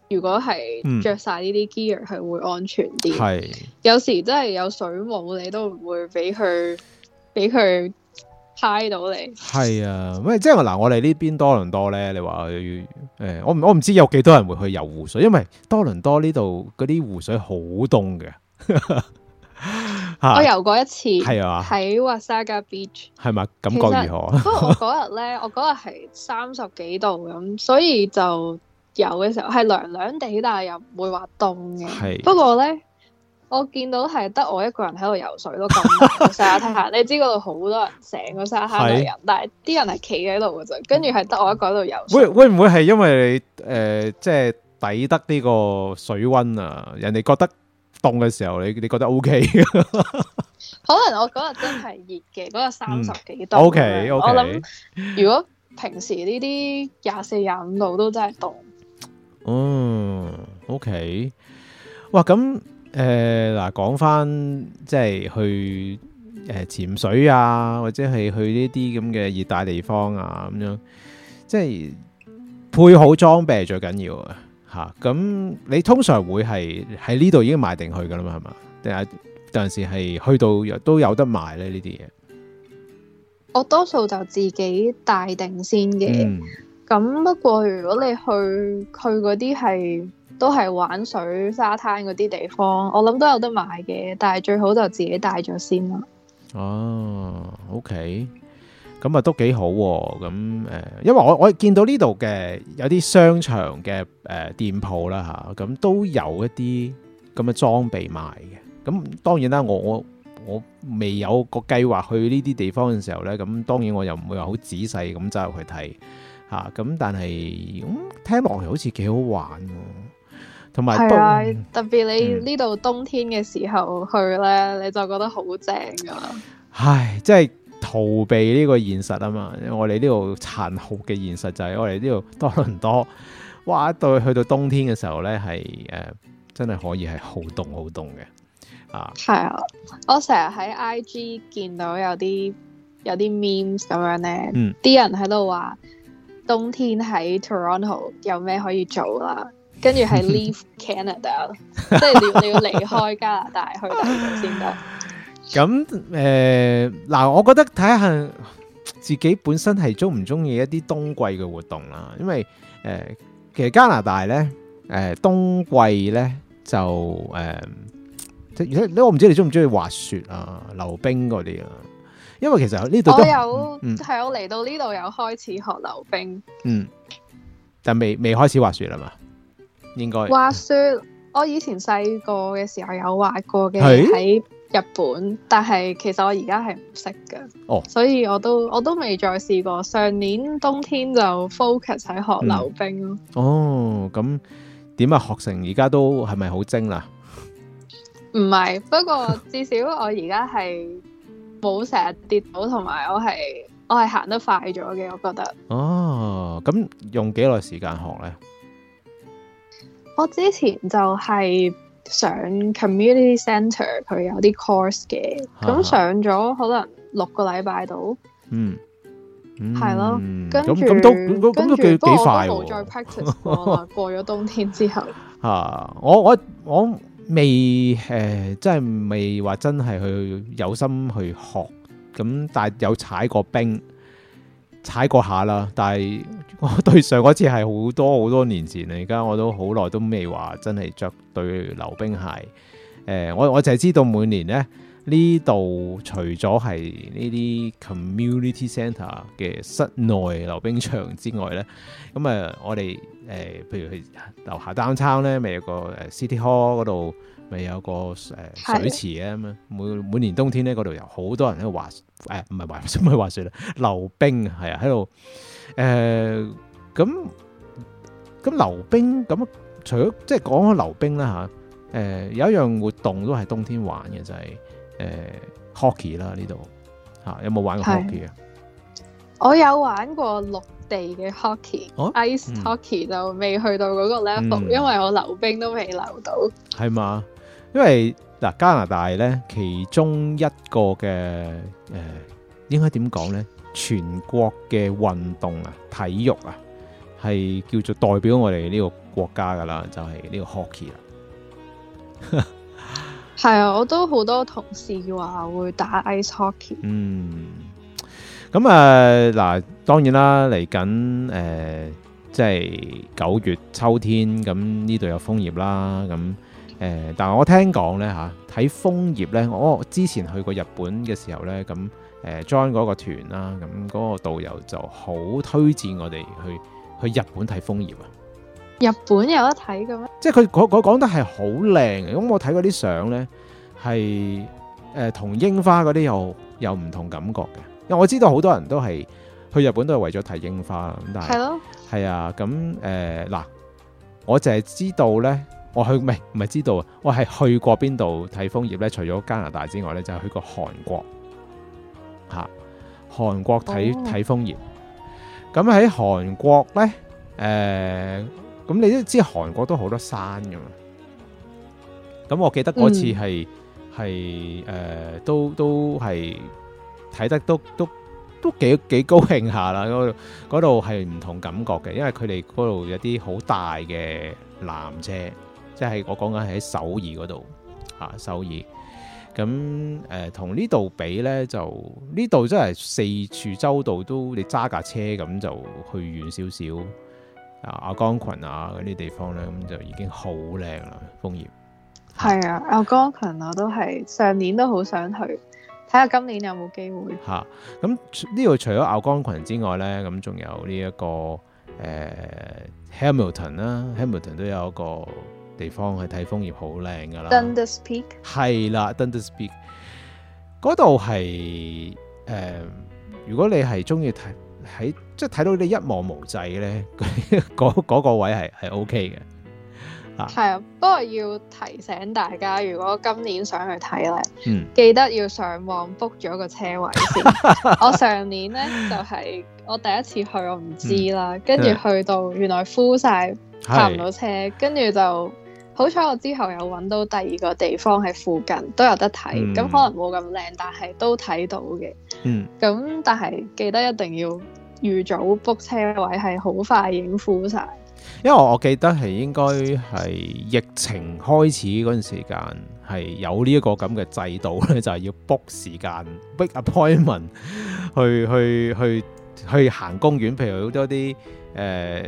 如果係着晒呢啲 gear 係會安全啲。係、嗯，有時真係有水母，你都唔會俾佢俾佢。派到你係啊。喂！即係嗱，我哋呢邊多倫多咧，你話去，哎，我唔我唔知有幾多人會去遊湖水，因為多倫多呢度嗰啲湖水好凍嘅。 <laughs> 我遊過一次，係嘛嗎？喺 Wasaga Beach，係咪感覺如何？不過我嗰日咧，我嗰日係三十幾度咁， <laughs> 所以就遊嘅時候係涼涼地，但係又唔會話凍嘅。是不過咧。我見到係得我一個人喺度游水咯，咁沙灘，你知嗰度好多人，成個沙灘都係人，但係啲人係企喺度嘅啫，跟住係得我一個喺嗰度游。會會唔會係因為你誒，即係抵得呢個水溫啊？人哋覺得凍嘅時候，你你覺得 O K？可能我嗰日真係熱嘅，嗰日三十幾度。O K，我諗如果平時呢啲廿四廿五度都真係凍。嗯，O K。哇，咁～誒，嗱、呃，講翻即係去誒、呃、潛水啊，或者係去呢啲咁嘅熱帶地方啊，咁樣，即係配好裝備最緊要啊，吓，咁你通常會係喺呢度已經買定去噶啦嘛，係嘛？定係有陣時係去到都有得賣咧呢啲嘢。我多數就自己帶定先嘅，咁、嗯、不過如果你去去嗰啲係。都係玩水、沙灘嗰啲地方，我諗都有得買嘅，但係最好就自己帶咗先啦。哦、啊、OK，咁啊都幾好喎。咁誒，因為我我見到呢度嘅有啲商場嘅誒、呃、店鋪啦嚇，咁、啊、都有一啲咁嘅裝備賣嘅。咁、啊、當然啦，我我我未有個計劃去呢啲地方嘅時候咧，咁當然我又唔會話好仔細咁走入去睇嚇。咁、啊、但係、嗯、聽落去好似幾好玩喎。同埋、啊，特別你呢度冬天嘅時候去咧，嗯、你就覺得好正噶啦！唉，即係逃避呢個現實啊嘛！我哋呢度殘酷嘅現實就係我哋呢度多倫多，哇！到去到冬天嘅時候咧，係誒、呃、真係可以係好凍好凍嘅啊！係啊，我成日喺 IG 見到有啲有啲 memes 咁樣咧，啲、嗯、人喺度話冬天喺 Toronto 有咩可以做啦。跟住係 leave Canada， <laughs> 即係你要離開加拿大去到先得。咁誒， <laughs> 嗱、呃，我覺得睇下自己本身係中唔中意一啲冬季嘅活動啦。因為誒、呃，其實加拿大咧，誒、呃，冬季咧就誒，即係咧，我唔知道你中唔中意滑雪啊、溜冰嗰啲啊。因為其實呢度，我有係、嗯、我嚟到呢度有開始學溜冰，嗯，但未未開始滑雪啦嘛。應該話説我以前細個嘅時候有滑過嘅喺日本，是但係其實我而家係唔識嘅，哦、所以我都我都未再試過。上年冬天就 focus 喺學溜冰咯、嗯。哦，咁點啊？學成而家都係咪好精啦？唔係，不過至少我而家係冇成日跌倒，同埋 <laughs> 我係我係行得快咗嘅，我覺得。哦，咁用幾耐時間學呢？我之前就係上 community center 佢有啲 course 嘅，咁、啊、上咗可能六個禮拜度，嗯，係咯，跟住，跟住，不過我都冇再 practice 過啦。過咗冬天之後，嚇、啊，我我我未誒、呃，真係未話真係去有心去學，咁但係有踩過冰。踩過下啦，但係我對上嗰次係好多好多年前，而家我都好耐都未話真係着對溜冰鞋。呃、我我淨係知道每年呢呢度除咗係呢啲 community centre 嘅室內溜冰場之外呢，咁啊我哋、呃、譬如樓下單操呢，咪有個誒 city hall 嗰度。咪有個誒水池咧，的每每年冬天咧，嗰度有好多人喺度滑誒，唔、哎、係滑唔係滑雪啦，溜冰，是、呃冰，就是、冰啊，係、呃、啊，喺度誒咁咁溜冰咁。除咗即係講開溜冰啦嚇，誒有一樣活動都係冬天玩嘅就係、是、誒、呃、hockey 啦、啊、呢度嚇，有冇玩過 hockey 啊？我有玩過陸地嘅 hockey，ice hockey 就未去到嗰個 level，、嗯、因為我溜冰都未溜到，係嘛？因為嗱，加拿大咧，其中一個嘅，誒、呃，應該點講咧？全國嘅運動啊，體育啊，係叫做代表我哋呢個國家噶啦，就係、是、呢個 hockey 啦。係 <laughs> 啊，我都好多同事話會打 ice hockey。嗯，咁啊嗱，當然啦，嚟緊誒，即係九月秋天，咁呢度有楓葉啦，咁。誒，但係我聽講咧嚇，睇楓葉咧，我之前去過日本嘅時候咧，咁誒 join 嗰個團啦，咁嗰個導遊就好推薦我哋去去日本睇楓葉啊！日本有得睇嘅咩？即係佢佢講得係好靚嘅，咁我睇過啲相咧，係誒同櫻花嗰啲又有唔同感覺嘅，因為我知道好多人都係去日本都係為咗睇櫻花咁，但係係咯，係啊的，咁誒嗱，我就係知道咧。我去唔係唔係知道啊！我係去過邊度睇楓葉咧？除咗加拿大之外咧，就係去過韓國嚇。韓國睇睇楓葉。咁喺韓國咧，誒，咁你都知韓國都好多山噶嘛？咁我記得嗰次係係誒，都都係睇得都都都幾幾高興下啦。嗰嗰度係唔同感覺嘅，因為佢哋嗰度有啲好大嘅纜車。即係我講緊喺首爾嗰度啊，首爾咁誒，同、呃、呢度比咧，就呢度真係四處周度都你揸架車咁就去遠少少啊，阿岡昆啊嗰啲地方咧，咁就已經好靚啦，楓葉。係啊，阿岡昆我都係上年都好想去，睇下今年有冇機會。嚇、啊，咁呢度除咗阿岡昆之外咧，咁仲有呢、這、一個誒、欸、Hamilton 啦、啊、Hamilton 都有一個。地方去睇楓葉好靚噶啦，係啦，Dundas Peak 嗰度係誒，如果你係中意睇喺即係睇到你一望無際咧，嗰嗰、嗰個位係係 OK 嘅。啊，係啊，不過要提醒大家，如果今年想去睇咧，嗯、記得要上網 book 咗個車位先。 <laughs> 我上年咧就係、係、我第一次去我唔，我唔知啦，跟住去到原來 full 晒，搭唔到車，跟住就～好彩我之後有揾到第二個地方喺附近都有得睇，咁、嗯、可能冇咁靚，但係都睇到嘅。咁、嗯、但係記得一定要預早 book 車位是很，係好快已經 full 晒。因為我記得係應該係疫情開始嗰陣時、就是、時間係有呢一個咁嘅制度咧，就係要 book 時間 book appointment 去去去去行公園，譬如好多啲誒。呃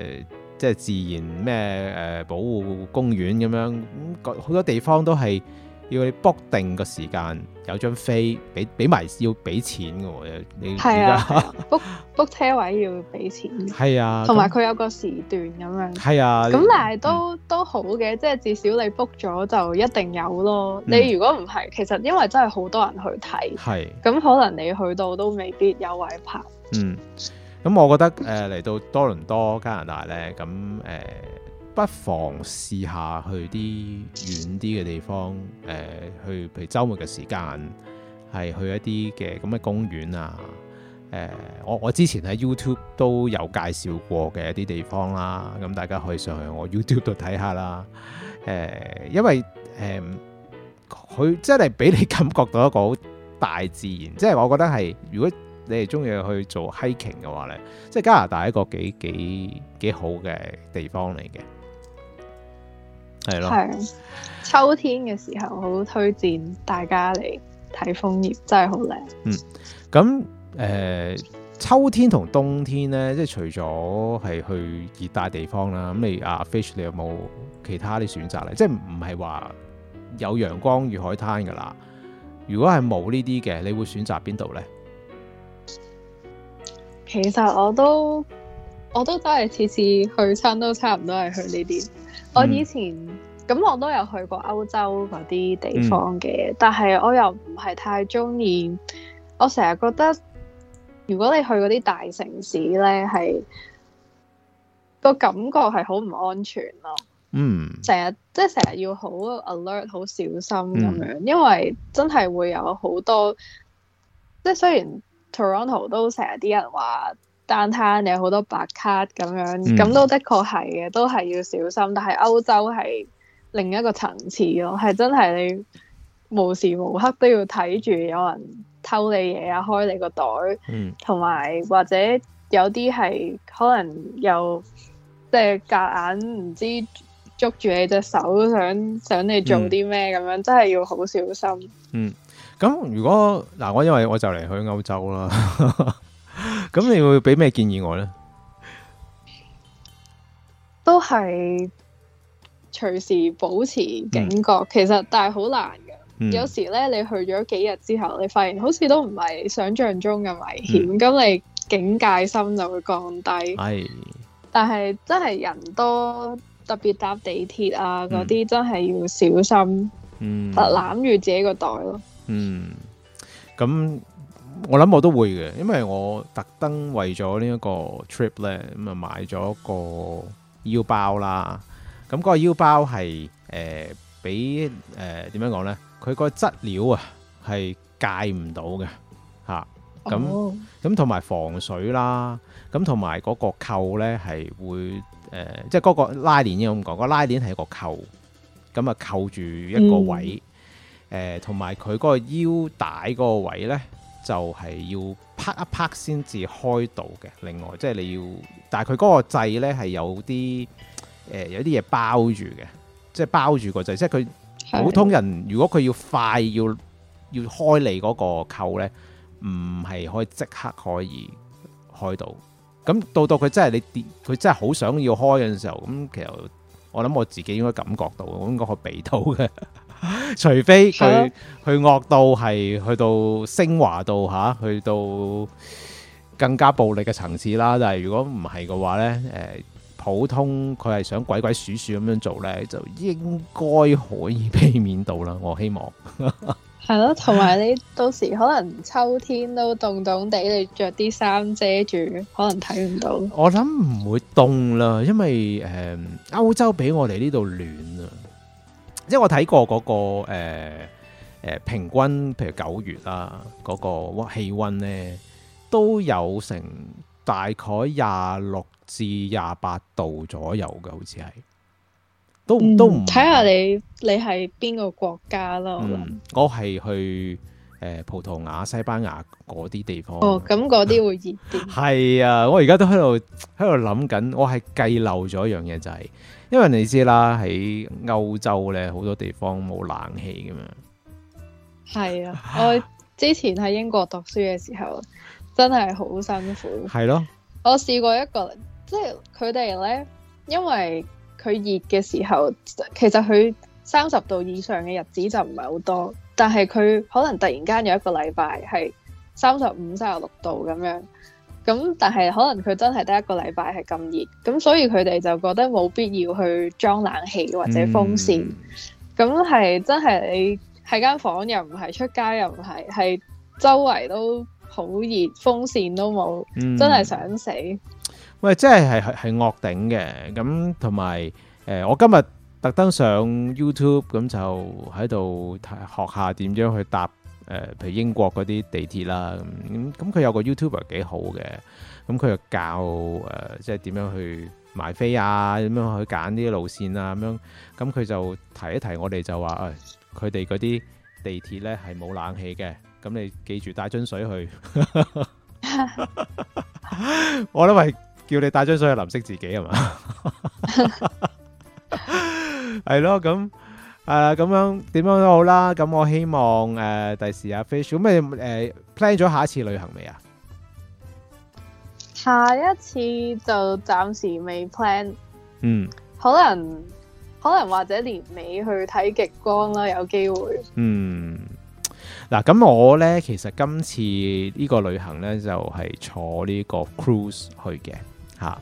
即係自然咩誒保護公園咁樣，咁好多地方都係要你 book 定個時間，有張飛俾俾埋要俾錢嘅喎。你係啊，book b、啊、 <laughs> 車位要俾錢。係啊，同埋佢有個時段咁樣。係啊，咁但係都都好嘅，嗯、即係至少你 book 咗就一定有咯。嗯、你如果唔係，其實因為真係好多人去睇，係咁是可能你去到都未必有位拍。嗯。咁我覺得誒嚟、呃、到多倫多加拿大呢，咁誒、呃、不妨試下去啲遠啲嘅地方誒、呃，去譬如週末嘅時間，係去一啲嘅咁嘅公園啊。誒、呃，我我之前喺 YouTube 都有介紹過嘅一啲地方啦，咁大家可以上去我 YouTube 度睇下啦。誒、呃，因為誒，佢、呃、真係俾你感覺到一個好大自然，即、就、係、是、我覺得係如果，你哋中意去做 hiking 嘅話咧，即係加拿大一個幾幾幾好嘅地方嚟嘅，係咯。係秋天嘅時候，好推薦大家嚟睇楓葉，真係好靚。嗯，咁誒、呃，秋天同冬天咧，即係除咗係去熱帶地方啦，咁你啊，Fish，你有冇其他啲選擇咧？即係唔係話有陽光與海灘噶啦？如果係冇呢啲嘅，你會選擇邊度咧？其實我都我都都係次次去親都差唔多係去呢啲。嗯、我以前咁我都有去過歐洲嗰啲地方嘅，嗯、但係我又唔係太中意。我成日覺得如果你去嗰啲大城市呢，係個感覺係好唔安全咯。成日、嗯、即係成日要好 alert、好小心咁樣，嗯、因為真係會有好多即係雖然。Toronto 都成日啲人話，downtown 有好多白卡咁樣，咁都、嗯、的確係嘅，都係要小心。但係歐洲係另一個層次咯，係真係你無時無刻都要睇住有人偷你嘢啊，開你個袋，同埋、嗯、或者有啲係可能又即係夾硬唔知道捉住你隻手想，想想你做啲咩咁樣，嗯、真係要好小心，嗯。咁如果嗱，我因為我就嚟去歐洲啦，咁你會俾咩建議我呢？都係隨時保持警覺，嗯、其實但係好難㗎。嗯、有時呢，你去咗幾日之後，你發現好似都唔係想象中咁危險，咁、嗯、你警戒心就會降低。係，唉，但係真係人多，特別搭地鐵啊嗰啲，那些嗯、真係要小心，攬住、嗯、自己個袋咯。嗯，咁我諗我都會嘅，因為我特登為咗呢一個 trip 咧，咁啊買咗一個腰包啦。咁、嗰個腰包係誒、呃，俾誒點樣講咧？佢、呃、個質料戒啊係界唔到嘅吓，咁咁同埋防水啦，咁同埋嗰個扣咧係會誒，即係嗰個拉鏈要咁講，個拉鏈係一個扣，咁啊扣住一個位。嗯誒，同埋佢個腰帶嗰個位呢，就係、是、要拍一拍先至開到嘅。另外，即係你要，但係佢嗰個掣呢，係有啲、呃、有啲嘢包住嘅，即係包住個掣。即係佢普通人，的如果佢要快，要要開你嗰個扣呢，唔係可以即刻可以開到。咁到到佢真係你跌，佢真係好想要開嘅時候，咁其實我諗我自己應該感覺到，我應該可避到嘅。除非佢佢惡到係去到升華度吓，去到更加暴力嘅層次啦。但係如果唔係嘅話呢，誒、欸，普通佢係想鬼鬼祟祟咁樣做呢，就應該可以避免到啦。我希望係咯，同埋的 <laughs> 你到時可能秋天都凍凍地，你着啲衫遮住，可能睇唔到。我諗唔會凍啦，因為誒，歐、嗯、洲比我哋呢度暖啊。即係我睇過嗰、那個誒誒、呃、平均，譬如九月啦、啊，嗰、那個氣溫咧都有成大概廿六至廿八度左右嘅，好似係都、嗯、都唔睇下你你係邊個國家咯？我係、嗯、去誒、呃、葡萄牙、西班牙嗰啲地方哦，咁嗰啲會熱啲。係 <laughs> 啊，我而家都喺度喺度諗緊，我係計漏咗一樣嘢就係、是。因為你知啦，喺歐洲咧好多地方冇冷氣咁樣。係啊，我之前喺英國讀書嘅時候， <laughs> 真係好辛苦。係咯，我試過一個，即係佢哋咧，因為佢熱嘅時候，其實佢三十度以上嘅日子就唔係好多，但係佢可能突然間有一個禮拜係三十五、三十六度咁樣。咁，但係可能佢真係得一個禮拜係咁熱，咁所以佢哋就覺得冇必要去裝冷氣或者風扇。咁係真係你喺間房又唔係出街又唔係，係周圍都好熱，風扇都冇，真係想死。喂，真係係係惡頂嘅，咁同埋誒，我今日特登上 YouTube，咁就喺度學下點樣去搭。誒，譬如英國嗰啲地鐵啦，咁咁佢有個 YouTuber 幾好嘅，咁佢又教誒，即係點樣去買飛啊，點樣去揀啲路線啊，咁樣，咁佢就提一提我哋就話，誒，佢哋嗰啲地鐵咧係冇冷氣嘅，咁你記住帶樽水去，我諗係叫你帶樽水去淋濕自己係嘛？係咯，咁。誒，咁樣點樣都好啦。咁我希望誒，第時阿 Fish 咁你誒 plan 咗下一次旅行未啊？下一次就暫時未 plan。嗯，可能可能或者年尾去睇極光啦，有機會。嗯，嗱，咁我咧其實今次呢個旅行咧就係坐呢個 cruise 去嘅吓。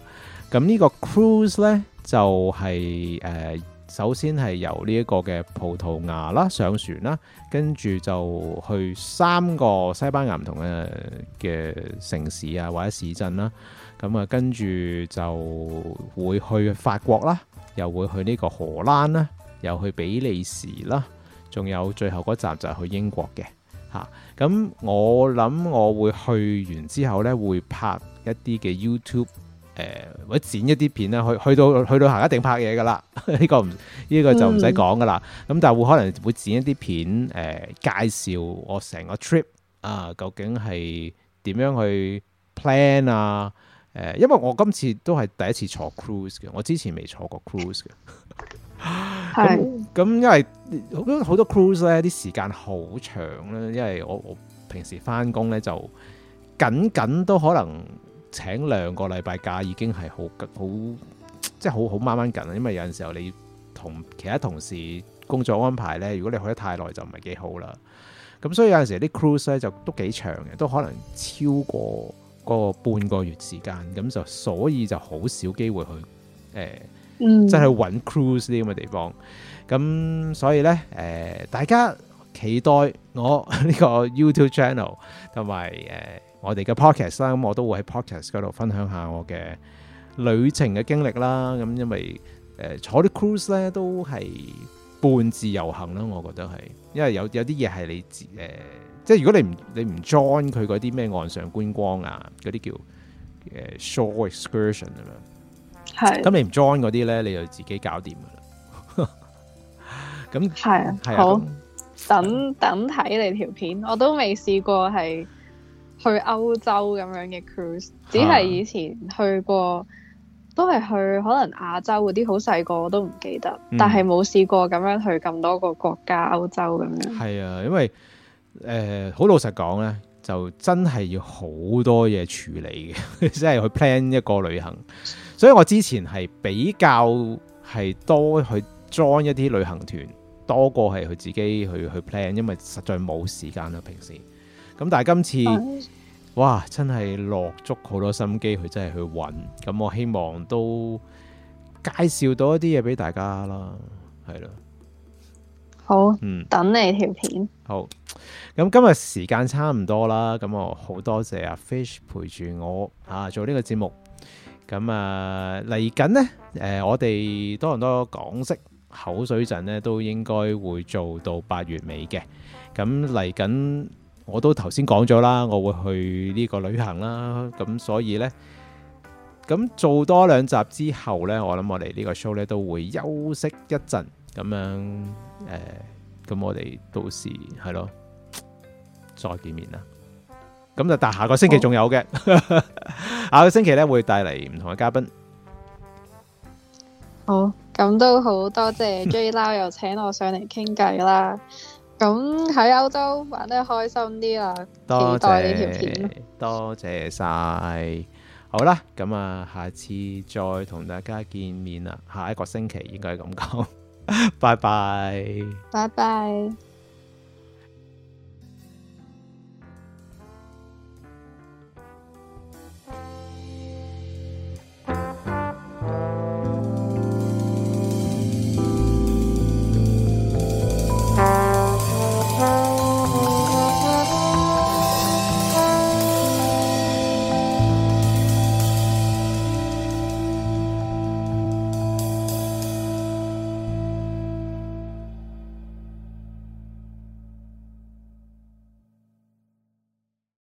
咁呢個 cruise 咧就係誒。首先係由呢一個嘅葡萄牙啦上船啦，跟住就去三個西班牙唔同嘅嘅城市啊，或者市鎮啦，咁啊跟住就會去法國啦，又會去呢個荷蘭啦，又去比利時啦，仲有最後嗰集就係去英國嘅嚇。咁我諗我會去完之後呢，會拍一啲嘅 YouTube。或者、呃、剪一啲片啦，去去到去旅行一定拍嘢㗎啦，呢、這個唔呢、這個就唔使講㗎啦。咁、嗯、但係會可能會剪一啲片誒、呃、介紹我成個 trip 啊，究竟係點樣去 plan 啊？誒，因為我今次都係第一次坐 cruise 嘅，我之前未坐過 cruise 嘅。係咁是，嗯、因為好多好多 cruise 咧，啲時間好長啦。因為我我平時返工咧就僅僅都可能。請兩個禮拜假已經係好緊，好即係好好掹掹緊啊！因為有陣時候你同其他同事工作安排呢，如果你去得太耐就唔係幾好啦。咁所以有陣時啲 cruise 呢，就都幾長嘅，都可能超過嗰個半個月時間。咁就所以就好少機會去誒，即係去揾 cruise 啲咁嘅地方。咁所以呢，誒、呃，大家期待我呢個 YouTube channel 同埋誒。我哋嘅 podcast 啦，咁我都會喺 podcast 度分享下我嘅旅程嘅經歷啦。咁因為誒坐啲 cruise 咧都係半自由行啦，我覺得係，因為有有啲嘢係你自誒，即係如果你唔你唔 join 佢嗰啲咩岸上觀光啊，嗰啲叫誒 shore excursion 咁樣，係。咁你唔 join 嗰啲咧，你就自己搞掂噶啦。咁 <laughs> 係那啊，啊好那等等睇你條片，我都未試過係。去歐洲咁樣嘅 cruise，只係以前去過，啊、都係去可能亞洲嗰啲，好細個我都唔記得，嗯、但係冇試過咁樣去咁多個國家歐洲咁樣。係啊，因為誒，好、呃、老實講咧，就真係要好多嘢處理嘅，即 <laughs> 係去 plan 一個旅行。所以我之前係比較係多去 join 一啲旅行團，多過係去自己去去 plan，因為實在冇時間啦、啊，平時。咁但係今次，oh. 哇！真係落足好多心機，佢真係去揾。咁我希望都介紹到一啲嘢俾大家啦，係啦。好，嗯，等你條片。好，咁今日時間差唔多啦。咁我好多謝阿 Fish 陪住我啊做呢個節目。咁啊嚟緊呢，誒、呃，我哋多倫多港式口水陣呢，都應該會做到八月尾嘅。咁嚟緊。我都頭先講咗啦，我會去呢個旅行啦，咁所以呢，咁做多兩集之後呢，我諗我哋呢個 show 呢都會休息一陣，咁樣誒，咁、呃、我哋到時係咯再見面啦，咁就但下個星期仲有嘅，哦、 <laughs> 下個星期呢會帶嚟唔同嘅嘉賓。好，咁都好多謝 JLau 又請我上嚟傾偈啦。 <laughs> 咁喺歐洲玩得開心啲啦，多謝呢條片，多謝晒，好啦，咁啊，下次再同大家見面啦，下一個星期應該係咁講，拜拜，拜拜。